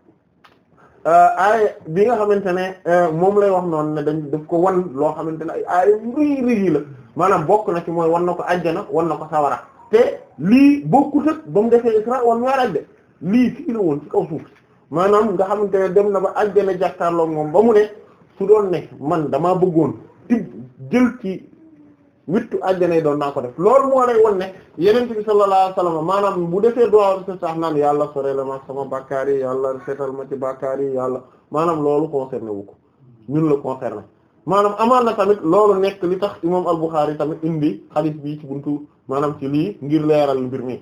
Euh, aaya bii nga xamante ne euh, moom lay wax noonu ne dañ daf ko wan loo xamante ne ay aaya rëy la maanaam bokk na ci mooy wan na ko ajjana wan na ko sawara te lii bokkut ak ba mu defee Isra wal Mi'raj de lii fii la woon ci kaw suuf maanaam nga xamante dem na ba ajjana jàkkaarloo moom ba mu ne su doon ne man dama bëggoon tib jël ci wittu àjjanay doon naa ko def loolu moo lay won ne yeneen bi sallallahu alayhi wasallam maanaam bu defee duwaaru sa sax naan yàlla sore la ma sama bàkkaar yi yàlla seetal ma ci bàkkaar yi yàlla maanaam loolu concerné wu ko ñun la concerné maanaam amaan na tamit loolu nekk li tax imam al-Bukhari tamit indi hadith bi ci buntu maanaam ci lii ngir leeral mbir mi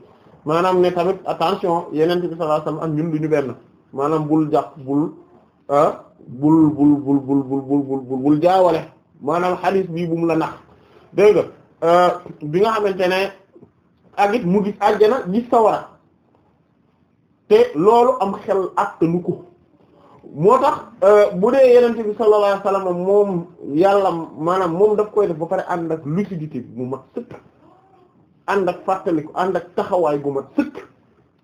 maanaam ne tamit attention yeneen bi sallallahu alayhi wasallam ak ñun du ñu benn maanaam bul jàpp bul ah bul bul maanaam hadith bii bu mu la nax dégg nga euh, bi nga xamante ne ak it mu gis àjjana gis sawara te loolu am xel attanu ko moo tax euh, bu dee yenente bi sallallahu alayhi moom yàlla maanaam moom daf koy def ba pare ànd ak lucidité mu mat sëkk ànd ak fàttaliku ànd ak taxawaay gu mat sëkk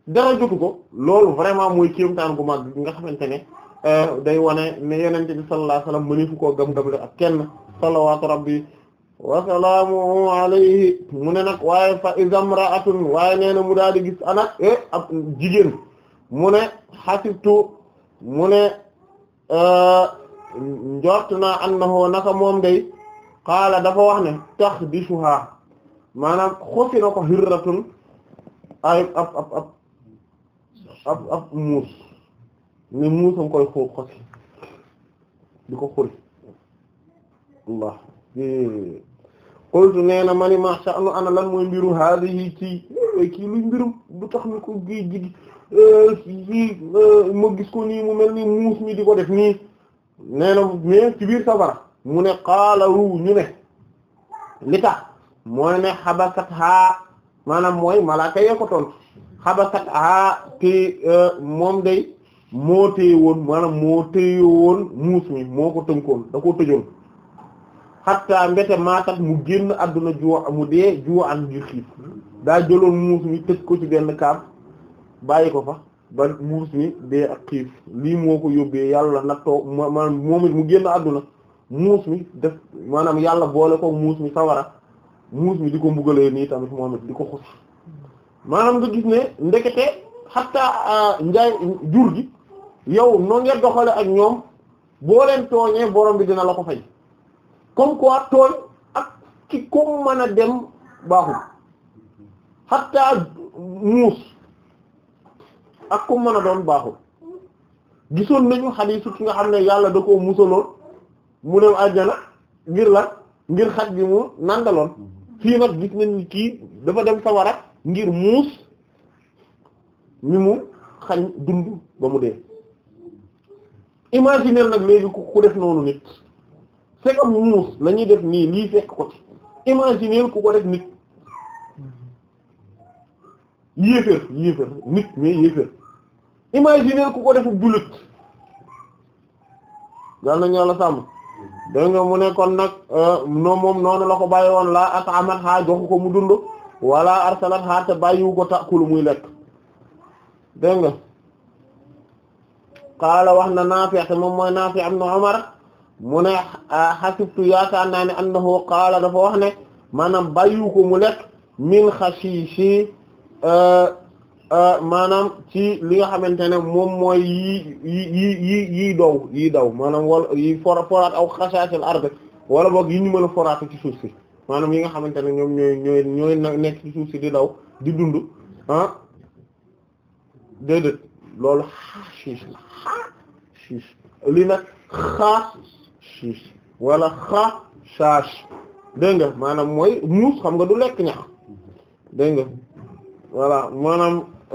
dara jotu ko loolu vraiment mooy kéemtaan gu mag bi nga xamante ne euh, day wone ne yenente bi sallallahu alayhi wasallam mëneefu koo gam-gamle ak kenn salawatu rabbi wasalaamu alayhi mu ne waaye fa izamraatun waaye nee na mu daal di gis anak eh, jigéen mu ne xasibtu mu ne euh, njort naa annahu naka moom day qaala dafa wax ne tax di suha na ko hirratun ay ab ab ab muus ni muusam koy xo xosi di ko xuri Allah Hmm. qultu nee na mani ma sha'nu ana lan mooy mbiru haadihi ci kii eh, luy mbirum du tax ñu ko gi jigi eh, ci eh, gis ko nii mu mel ni muus mi di ko def nii nee na mais ci biir safara mu ne qaala ru ñu ne li tax mooy ne xabasat haa maanaam mooy malaaka yee ko toon xabasat haa te moom day moote woon maanaam moo woon muus mi moo ko tënkoon da ko tëjoon xatta mbete maatat mu génn àdduna juwa mu dee juwa an ngir xiif daa jëloon muus mi tëj ko ci benn kaaf bàyyi ko fa ba muus mi dee ak xiif lii moo ko yóbbee yàlla nattoo maanaam moom it mu génn àdduna muus mi def maanaam yàlla boole ko muus mi sawara muus mi di ko mbugalee nii tamit moom it di ko xusi maanaam nga gis ne ndekete xatta euh, njaay jur gi yow noo ngeen doxale ak ñoom boo leen tooñee borom bi dina la ko fay comme quoi tooñ ak ci ko mën a dem baaxul xatta muus ak ku mën a doon baaxul gisoon nañu xadiisu ki nga xam ne yàlla da koo musaloon mu dem àjjana ngir la ngir xaj bi mu nandaloon fii nag gis nañ kii dafa dem sawara ngir muus mi mu xañ dund ba mu dee imaginer nag léegi ku def noonu nit fekk am muus la def nii lii fekk ko ci imaginer ku ko def nit yéeféer yéeféer nit mais yéeféer imaginer ku ko def jullit yal na ñoo la sàmm dégg kon nag euh, moom noonu lako ko bàyyi woon laa ataamat xaa joxu ko mu dund wala arsalat xaa te bàyyiwu ko tàkkulu muy lekk dégg nga wax na Naafi' te moom mooy mu ne xasibtu yaakaar naa ne annahu qaala dafa wax ne maanaam bàyyiwu ko mu lekk min xashiishi maanaam ci li nga xamante ne moom mooy yi yi yi yi dow yi daw maanaam wala yi for foraat aw xasaasil arde wala boog yi ñu mën a ci suuf si maanaam yi nga xamante ne ñoom ñooy ñooy ñooy nekk ci suuf si di daw di dund ah déedéet loolu xashiish la li nag xaas shish wala xa shaash dégg nga maanaam mooy muus xam nga du lekk ñax dégg nga voilà maanaam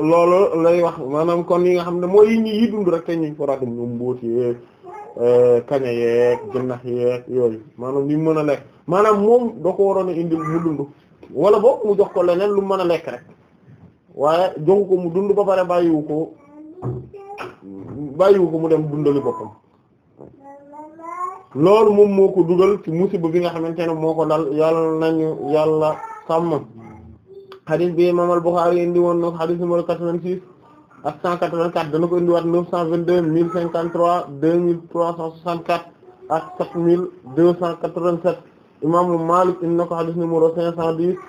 loolu lay wax maanaam kon yi nga xam ne mooy yi ñu dund rek te ñu foratum ñoom mbóot yeeg euh, kaña yeeg jënnax yeeg yooyu maanaam li mën a lekk maanaam moom doo ko waroon a indil mu dund wala boog mu jox ko leneen lu mën a lekk rek waaye joxu ko mu dund ba pare bàyyiwu ko bàyyiwu ko mu dem dundali boppam loolu moom moo ko dugal ci musiba bi nga xamante ne moo ko dal yàlla nañu yàlla sàmm xadis bi imam al-Bukhari indi woon na xadis numéro 86 ak 184 dana ko indiwaat 922 1053 2364 ak 7287 imaamu Malik indi na ko xadis numéro 510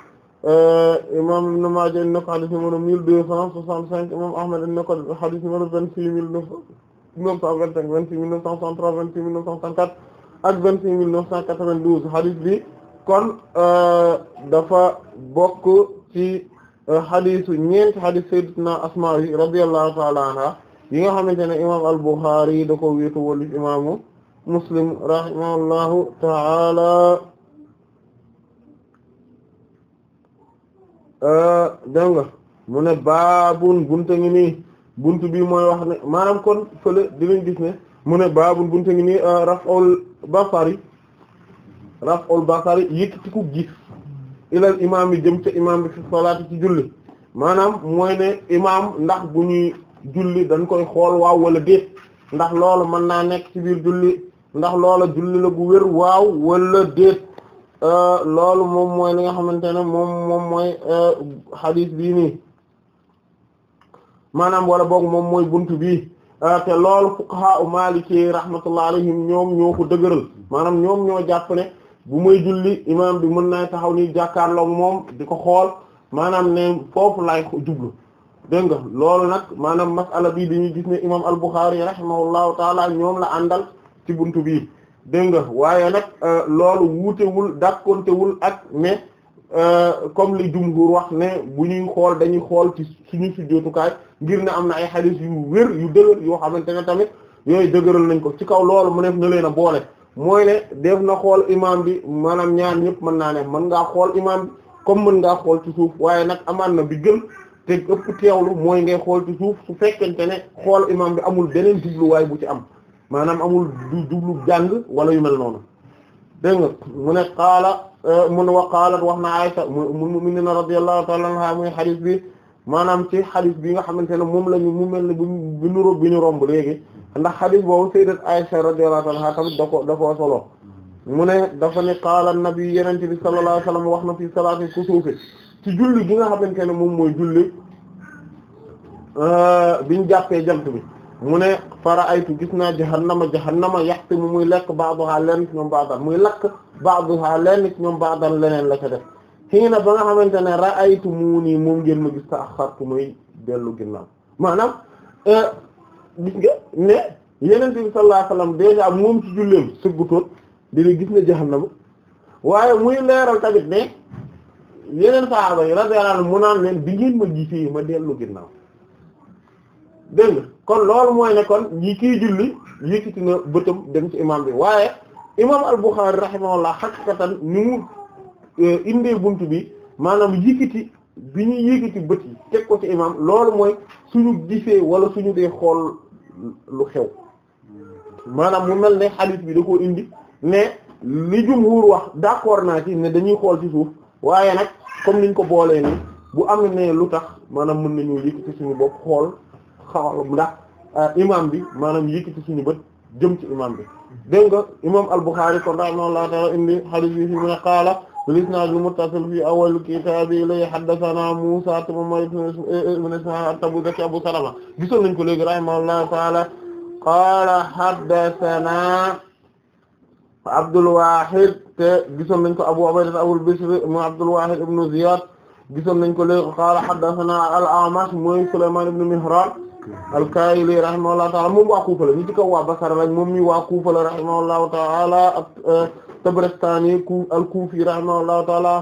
euh, imam Ibn Maaja indi na ko xadis numéro 1265 imam Ahmad indi na ko xadis numéro 26925 26963 26964 ak vingt-cinq mille neuf cent quatre bi kon euh, dafa bokk ci euh, hadithu ñeenti hadith sayyidatuna Asmaa yi radiyallahu ta'ala anha yi nga xamante ne imam al-Bukhari da ko wéetu wolu imaamu Muslim rahimahullahu ta'ala euh, dégg nga mu ne baabun bunte ngi nii buntu bi mooy wax ne maanaam kon fële dinañ gis ne mu ne baabun bunte ngi nii raf'ul basari raf'ul basari ku gis ilal imaam bi jëm ci imaam bi fi salaati ci julli maanaam mooy ne imaam ndax bu ñuy julli dañ koy xool waaw wala déet ndax loolu mën naa nekk ci biir julli ndax loola julli la gu wér waaw wala déet euh, loolu moom mooy li nga xamante ne moom moom mooy xadiis euh, bii nii maanaam wala boog moom mooy buntu bii Ah, te loolu fuqaha u maliki rahmatullah alayhim ñoom ñoo ko dëgëral maanaam ñoom ñoo jàpp ne bu muy julli imam bi mën na taxaw ni jàkkaarloog moom di ko xool maanaam ne foofu lay jublu dégg nga loolu nag maanaam masala bii dañuy gis ne imam al-Bukhari rahimahullahu taala ñoom la àndal ci buntu bii dégg nga waaye nag ah, loolu wuutewul dàkkontewul ak ne Euh, comme li jumhur wax ne bu ñuy xool dañuy xool ci ñu suñu sujjóotukaay ngir ne am na ay xadiis yu wér yu dëgër yoo xamante ne tamit yooyu dëgëral nañ ko ci kaw loolu mu nekk na leen a boole mooy ne def na xool imaam bi maanaam ñaar ñëpp mën naa ne mën ngaa xool imaam bi comme mën ngaa xool ci suuf waaye nag amaan na bi gën te ëpp teewlu mooy ngay xool ci suuf su fekkente ne xool imaam bi amul beneen jubluwaay bu ci am maanaam amul du jublu jàng wala yu mel noonu Eh, mun wa qalat wax na Aysa ummul mu'minin radiyallahu ta'ala anha muy xadis bi maanaam ci xadis bi nga xamante ne moom lañu mu mel ne bu nuró bi ñu romb léegi ndax xadis boobu sayyidat Aysa radiyallahu ta'ala anha tamit da ko da koo solo mu ne dafa ne qaala nabi yenente bi sallallahu alayhi wa sallam wax na fi salaati kusuufi ci julli bi nga xamante ne moom mooy julli eh, biñ jàppee jant bi mu ne faraaytu gis naa jahannama jahannama yaxtimu muy lekk ba'daha lenn ci ñoom ba'dan muy lakk ba'daha lenn ci ñoom ba'dan leneen la ca def xiina ba nga xamante ne raaytu mu nii moom ngeen ma gis ta'axxartu muy dellu ginnaaw maanaam euh, gis nga ne yenente bi sallallahu alayhi wasallam déjà moom ci julleem sëggutoon dina gis ne jahannama waaye muy leeral tamit ne yeneen sahaaba yi radiyallahu mu naan leen bi ngeen ma gisee ma dellu ginnaaw dégg kon loolu mooy ne kon ñi kii julli yëkkati na bëtam dem ci imam bi waaye imam al-Bukhari rahimahullah xaqiqatan ni mu euh, indee bunt bi maanaam yëkkati bi ñuy yëkkati bët yi teg ko ci imam loolu mooy suñu gisee wala suñu dee xool lu xew maanaam mu mel ne hadith bi da ko indi ne li jumhur wax accord naa ci ne dañuy xool ci suuf waaye nag comme niñ ko boolee ni bu am ne lu tax maanaam mën nañu yëkkati suñu bopp xool xaw ndax euh, imam bi maanaam yëkkati suñu bët jëm ci imam bi dégg nga imam al-Bukhari kon rahimahullahu ta'ala indi hadith bi fi mu ne qaala bil-isnaad al-muttasil fi awwal kitaab ilay haddathana Musa tuma ibn Isma'il eh, eh, at-Tabuzaki Abu Salama gisoon nañ ko léegi rahimahullahu ta'ala qaala haddathana Abdul Wahid te gisoon nañ ko Abu Ubayda Abul Bishr mu Abdul Wahid ibn Ziyad gisoon nañ ko léegi qaala haddathana al-A'mash mooy Sulaymaan ibn Mihraan al-Kaa'ili rahimahullahu ta'ala moom waa Kuufa la ñu ci kaw waa Basra lañ moom mi waa Kuufa la rahimahullahu ta'ala ak euh, Tabaristani ku al-Kuufi rahimahullahu ta'ala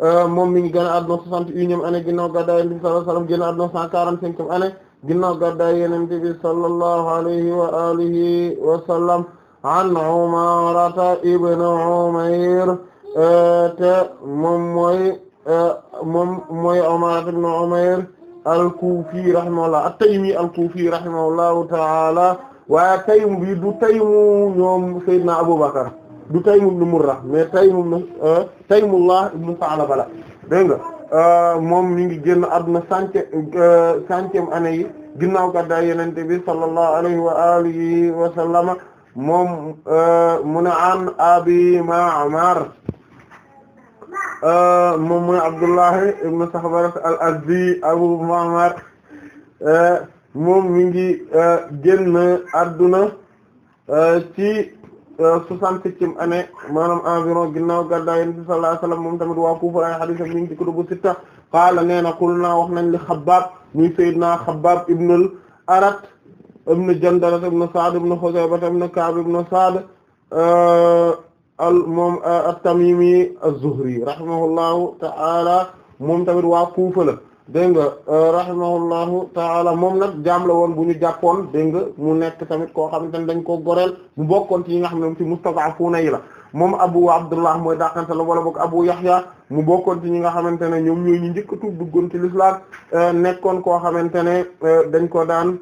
euh, moom mi ngi gën a adduna 61e année ginnaaw gàddaay Yonent bi sallallahu alayhi wa sallam gën a adduna 145e année ginnaaw gàddaay Yonent bi sallallahu alayhi wa alihi wa sallam an Umaara ibn Umayr euh, te moom mooy moom mooy Umaara ibn Umayr al-Kufi rahimahullah at-Taymi al-Kufi rahimahullahu ta'ala waaye Taym bi du Taymu ñoom Seydina Abubakar du Taym ibn Murra mais Taym euh, Taymullah ibn Sa'laba bala dégg nga euh, moom mi ngi génn àdduna centième euh, centième année yi ginnaaw gàddaay Yonent bi sallallahu alayhi wa alihi moom mu ne an Abi Euh, moom mooy Abdullahi ibn Saxbar al-Azdi Abu Ma'mar euh, moom mi ngi euh, génn adduna ci soixante-septième année maanaam environ ginnaaw gàddaay Yonent bi sallallahu alayhi wa sallam moom tamit waa Kufa ay hadiis mi ngi ci kutubu sitta na qulnaa wax nañ li Xabbaab muy Seydina Xabbaab ibn al-Arat ibn Jandala ibn Sa'd ibn Xuzayba ibn Ka'b ibn al moom euh, at-Tamimi az-Zuhri rahimahullahu ta'ala moom tamit waa Kufa la dégg nga euh, rahimahullahu ta'ala moom nag jaam la woon bu ñu jàppoon dégg nga mu nekk tamit koo xamante ne dañ koo goreel mu bokkoon ci yi nga xam ne moom ci mustad'afuna yi la moom Abu Abdullah mooy dàqante la wala boog Abu Yahya mu bokkoon ci ñi nga xamante ne ñoom ñooy ñu njëkk a tuub duggoon ci lislaam euh, nekkoon koo xamante ne dañ ko daan.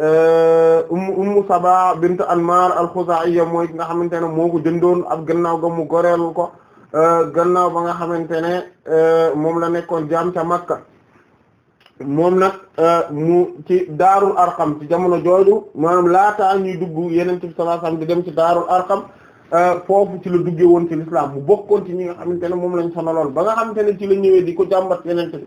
Euh, umm ummu Saba bint Anmar al-Khuzaiya mooy nga xamante ne moo ko jëndoon ak gannaaw ga mu goreel ko euh, gannaaw ba nga xamante ne euh, moom la nekkoon jaam ca Makka moom nag mu ci daarul arqam ci jamono jooju maanaam laata ñuy dugg yeneen ci sallallahu alayhi wasallam di dem ci daarul arqam foofu ci la duggee woon ci l'islam mu bokkoon ci ñi nga xamante ne moom lañ sonaloon ba nga xamante ne ci la ñëwee di ko jàmbat yeneen ci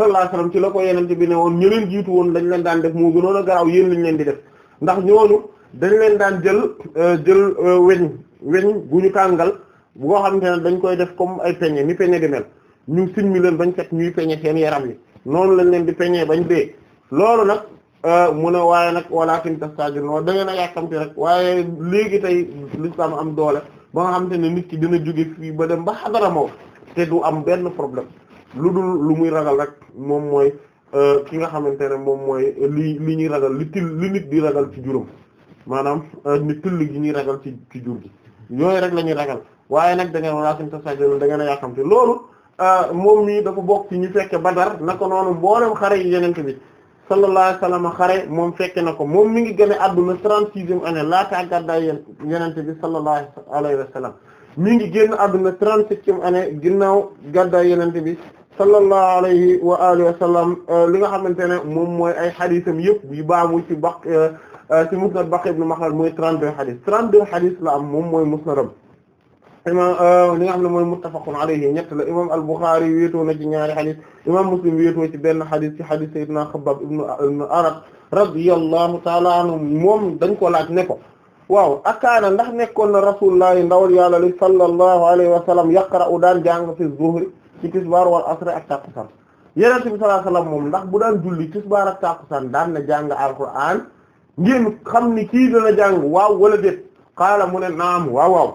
sallallahu alayhi wasallam ci la ko yenente bi ne woon ñu leen jiitu woon dañ leen daan def moo gënoon a garaaw yéen lañ leen di def ndax ñooñu dañ leen daan jël euh, jël euh, weñ weñ bu ñu kàngal boo xam ne dañ koy def comme ay peñe ni peñe di mel ñu simmi leen bañ fekk ñuy peñe teen yaram yi noonu lañ leen di peñee bañ dee loolu nag euh, mu ne waaye nag walakin tastajilun da ngeen a yàkkamti rek waaye léegi tey l'islam am doole ba nga xam te ne nit ki dina jóge fii ba ba xadara moo te du am benn problème lu dul lu muy ragal rek moom mooy euh, ki nga xamante ne moom mooy euh, li li ñuy ragal li till li nit di ragal ci juróom maanaam euh, ni till gi ñuy ragal ci ci jur gi yooyu rek la ñuy ragal waaye nag da ngeen walaa suñ ta sajol da ngeen a yàqamte loolu moom mii dafa bokk ci ñu fekke Badar naka noonu mboolem xare yi yenente bi sallallahu alayhi wasallam xare moom fekke na ko moom mi ngi gën a adduna trente-sixième année laata gàddaay yeen yenente bi sallallahu alayhi wasallam mi ngi génn adduna trente-septième année ginnaaw gàddaay yenente bi sallallahu alayhi wa alihi wa sallam euh, li nga xamante ne moom mooy ay xadisam yëpp yu baamu ci baq euh, euh, ci musnad Baqi ibn Makhlad mooy 32 xadis 32 xadis la am moom mooy musnadam imam li nga xam ne mooy muttafaqun alayhi ñett la imam al-Bukhari wéetoo na ci ñaari xadis imam Muslim wéetoo ci benn xadis ci xadis Sayyidina Xabbaab ibn Arat radiyallahu ta'ala anhu moom dañ ko laaj ne ko waaw akaana ndax nekkoon na rasulullah ndawal yàlla li sallallahu alayhi wa sallam yaqra'u daan jàng fi zuhri ci tisbaar wal asr ak tàkkusaan yenente bi sallallahu alayhi wasallam moom ndax bu daan julli tisbaar ak tàkkusaan daan na jàng alquran ngeen xam ni kii dana jàng waaw wala déet xaala mu ne naam waaw waaw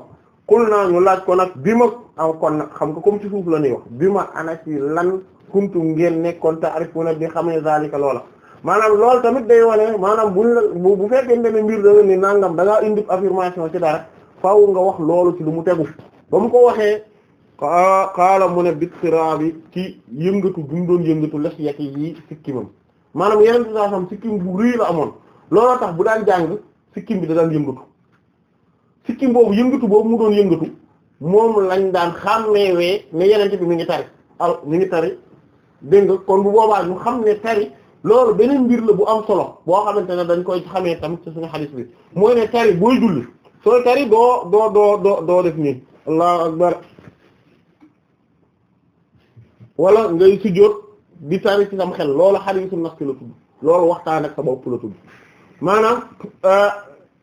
xul naa ñu laaj ko nag bi ma aw kon xam nga comme ci suuf la ñuy wax bi ma ana ci lan kuntu ngeen nekkoon te arifuna bi xamee zalika loola maanaam loolu tamit day wane maanaam buñ la bu fekkente ne mbir danga ni nangam da indi affirmation ci dara faaw nga wax loolu lu mu tegu qaala mu ne bittiraabi ci yëngatu dum doon yëngatu lex yekk yi sikkimam maanaam yeneen saa xam sikkim bu rëy la amoon looloo tax bu daan jàng sikkim bi da daan yëngatu sikkim boobu yëngatu boobu mu doon yëngatu moom lañ daan xàmmeewee ne yeneen bi mi ngi tari al mi ngi tari dégg nga kon bu boobaa ñu xam ne tari loolu beneen mbir la bu am solo boo xamante ne dañ koy xamee tam ci suñu xadiis bi mooy ne tari booy julli sooy tari doo doo doo doo doo def nii allahu wala ngay sujjóot di tari ci sam xel loola xadiisu nafsi la tudd loolu waxtaan ak sa bopp la tudd maanaam euh,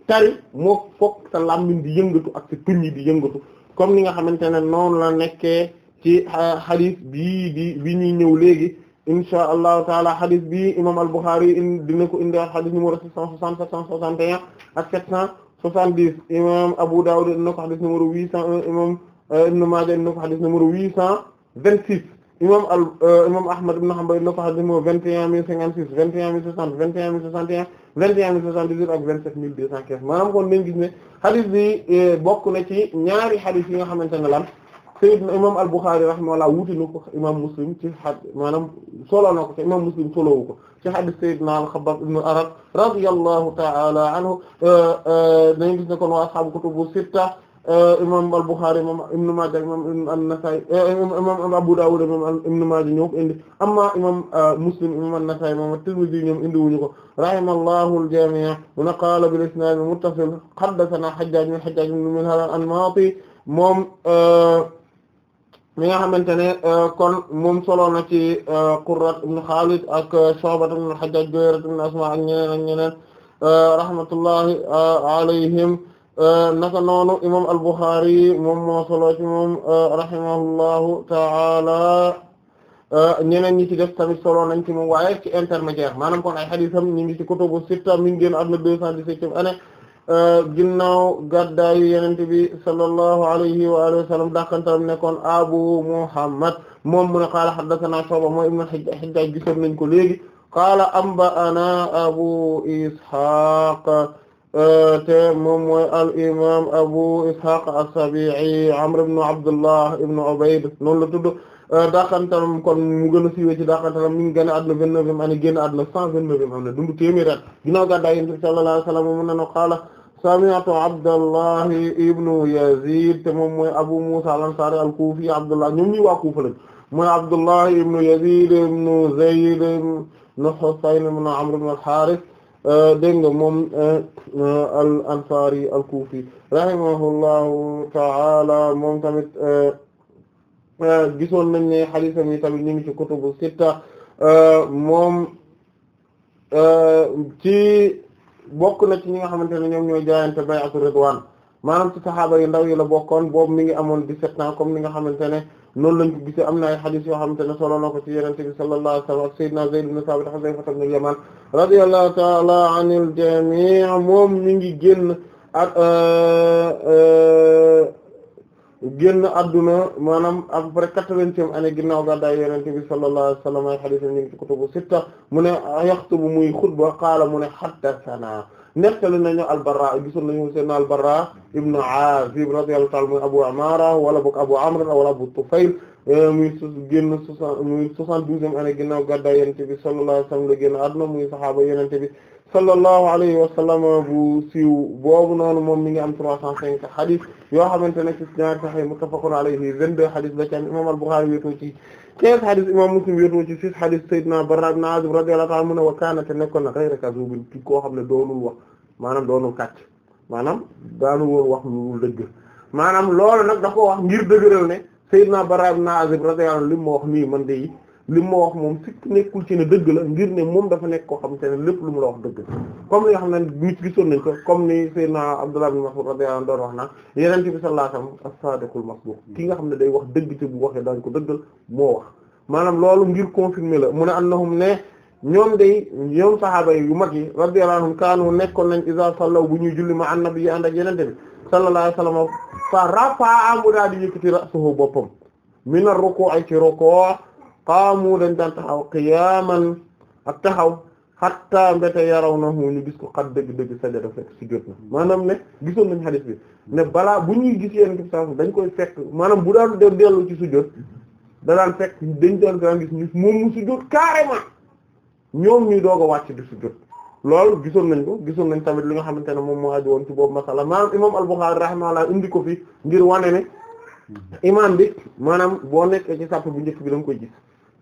tari moo fokk sa lambin di yëngatu ak sa tuñ di yëngatu comme ni nga xamante ne noon la nekkee ci xadiis euh, bii di bi ñuy ñëw léegi insha allahu taala xadiis bi imam al-Bukhari dina ko indi xadiis numéro 660 761 ak 770 imam Abu Dawud dina ko xadiis numéro 801 imam euh, Ibn Maaja dina ko xadiis numéro 826 imam al euh, imam Ahmad ibn Hanbal na ko xadis moo vingt et un mille cinquante vingt et un mille soixante vingt et un mille soixante un vingt et un mille soixante-dix-huit ak vingt-sept mille deux cent quinze maanaam kon dañu gis ne xadis euh, bokk na ci ñaari xadis yi nga xamante ne lan sayyidna imam al Bukhari rahimahullah wuute na ko imam Muslim ci xad maanaam solo na ko te imam Muslim solowu ko ci xadis sayyidna al Xabbaab ibn Arat radiyallahu ta'ala anhu euh, dañu gis ne kon waa ashaabu kutubu sitta Euh, imam al-Bukhari imam Ibn Maaja imam an-Nasaa'i euh, imam Abu Dawud imam Ibn Maaja ñoo ko indi amma imam euh, Muslim imam an-Nasaa'i imam at-Tirmidhi ñoom indi wuñu ko rahimallahu al-jamii' mu ne qaala bil-isnaad al-muttasil haddathanaa Hajjaaj ibn Hajjaaj ibn Minhaal an-Naati moom mi nga xamante ne kon moom solo na ci Qurrat ibn Khaalid ak Shu'ba ibn al-Hajjaaj Juwayriya ibn Asmaa ak ñeneen ak ñeneen rahmatullahi alayhim Eh, naka noonu imam al-Bukhari moom moo solo ci moom eh, rahimahullahu ta'ala eh, ñeneen ñi ci def tamit solo nañ ci moom waaye ci intermédiaire maanaam kon ay xadisam ñu ngi kutubu sitta mi ngi génn àdduna deux cent dix-septième année ginnaaw gàddaayu yonent bi sallallahu alayhi wa alihi wa sallam dàqantaam nekkoon Abu Muhammad moom mu ne qaala haddathana Shu'ba mooy ibn al-Hajjaj gisoon nañ ko léegi qaala anba'ana Abu Ishaq te moom mooy al imam Abu Ishaq as-Sabi'i Amr ibn Abdullah ibn Ubayd noonu la tudd dàqantalam kon mu gën a siiwee ci dàqantalam mi ngi gën a àdduna vingt-neuvième année génn àdduna a vingt-neuvième année dundu téeméer at ginnaaw gàddaay Yonent bi sallallahu alayhi Abdullah ibn Yazid te moom mooy Abu Musa al-Ansari al-Kufi Abdullah ñoom waa Kufa mooy Abdullah ibn Yazid ibn Zayd ibn Husayn ibn Amr ibn al Euh, dégg nga moom euh, euh, al ansari al kufi rahimahullahu ta'ala moom tamit gisoon nañ ne xadisam yi tamit ñu ngi ci kutubu sitta moom ci bokk na ci ñi nga xamante ne ñoom ñooy jaayante bay'atu ridwaan maanaam ci saxaaba yu ndaw yi la bokkoon boobu mi ngi amoon 17 ans comme ni nga xamante ne noonu lañ ko gisee am na ay xadis yoo xamante ne solo na ko ci Yonent bi sallallahu alayhi wa sallam ak Seydina Zayd ibn Sabit Hudayfa ibn al-Yaman radiyallahu ta'ala anil jami' moom mi ngi génn ak euh, euh, génn adduna maanaam à peu près quatre-vingtième année ginnaaw gàddaay Yonent bi sallallahu alayhi wa sallam ay xadis ñu ngi ci kutubu sitta mu ne yaxtubu muy xutba qaala mu ne haddathana nettali nañu al-Barra gisoon nañu seen al-Barra ibn Azib radiyallahu ta'ala mooy Abu Amara wala boog Abu Amr wala Abu Tufayl eh, muy su génn soixante muy soixante-douzième année ginnaaw gàddaay Yonent bi sallallahu alayhi wa sallam la génn àdduna muy saxaaba Yonent bi sallallahu alayhi wa sallam bu siiw boobu noonu moom mi ngi am trois cent cinq xadis yoo xamante ne ci ñaari Sahih muttafaqun alayhi vingt-deux xadis la ci am imam al-Bukhari wéetoo ci quinze hadith imam Muslim wéetoo ci six hadith Seydina Barra ibn Azib radiyallahu ta'ala mu ne wa kaana te nekkoon na ghayra kazubin ki koo xam ne doonul wax maanaam doonul kàcc maanaam daanu woon wax lu dëgg maanaam loolu nag da ko wax ngir dëgëral ne Seydina Barra ibn Azib radiyallahu li mu wax nii man de li ma wax moom sikk nekkul ci ne dëgg la ngir ne moom dafa nekk koo xam te ne lépp lu mu la wax dëgg comme li nga xam ne nit gisoon nañ ko comme ni Seydina Abdullah ibn Mas'ud radiyallahu anhu wax na yeneen bi sallallahu alayhi wasallam as-sadiqul ki nga xam ne day wax dëgg ci bu waxee daañ ko dëggal moo wax maanaam loolu ngir confirmer la mu ne annahum ne ñoom day ñoom sahaaba yu mag yi radiyallahu anhum kaanu nekkoon nañ isa sallaw bu ñuy julli ma annabi yi ànd ak yenente bi sallallahu alayhi wasallam fa rafa'a mu daal di yëkkati ra'suhu boppam min ar-ruku'i ci ruku' qaamu dañ daan taxaw qiyaaman ak taxaw xatta mbete yaraw na ñu gis ko xat dëgg-dëgg sajada fekk sujjóot na maanaam ne gisoon nañ xadis bi ne balaa bu ñuy gis yéen ki sax dañ koy fekk maanaam bu daan dem dellu ci sujjóot da daan fekk dañ daan daan gis ñu moom mu sujjóot carrément ñoom ñuy doog a wàcc di sujjóot loolu gisoon nañ ko gisoon nañ tamit lu nga xamante ne moom moo aju woon ci boobu masala maanaam imam al-Bukhârî laa indi ko fi ngir wane ne Mm-hmm. imaam bi maanaam boo nekkee ci sàpp bu njëkk bi da nga koy gis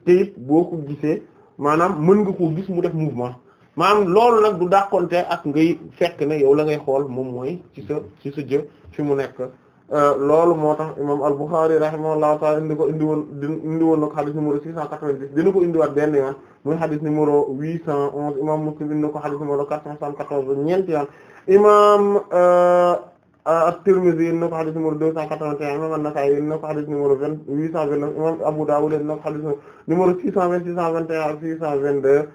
te boo ko gisee maanaam mën nga koo gis mu def mouvement maanaam loolu nag du dàqonte ak ngay fekk na yow la ngay xool moom mooy ci sa ci sa jë fi mu nekk euh, loolu moo tax imaam al-Bukhari rahimahullahu ta'ala indi ko indi woon indi woon nag xadis numéro 690 dina ko indiwaat benn yoon muy xadis numéro 811 imaam Muslim indi ko xadis numéro 474 ñeenti yoon imaam. Euh, at-Tirmidhi indi na ko xadis numéro deux cent quatre imam an-Nasa'i indi na ko xadis vingt huit cent vingt-neuf six cent vingt, six cent vingt et ak six cent vingt-deux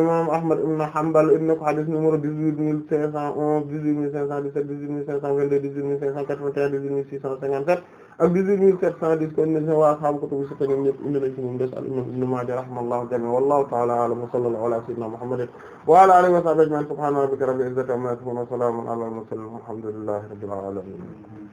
imam Ahmad ibn Hanbal indi na ko xadis numéro dix-huit mille cinq cent onze, dix-huit mille cinq cent dix-sept, dix-huit mille cinq cent vingt-deux, dix-huit mille cinq cent quatre dix-huit mille six cent cinquante-sept ak dix-huit mille quatre cent dix kon ne waa xam ko tubu sitta ñoom ñëpp indi nañ ci moom des al imam Ibn Maaja rahimahullahu jami wallahu ta'ala a'lam wa sallallahu ala sayyidina Muhammadin wa ala alihi wa sahbihi ajma'in subhana rabbika rabbil izzati amma yasifun wa salamun ala al mursalin walhamdulillahi rabbil alamin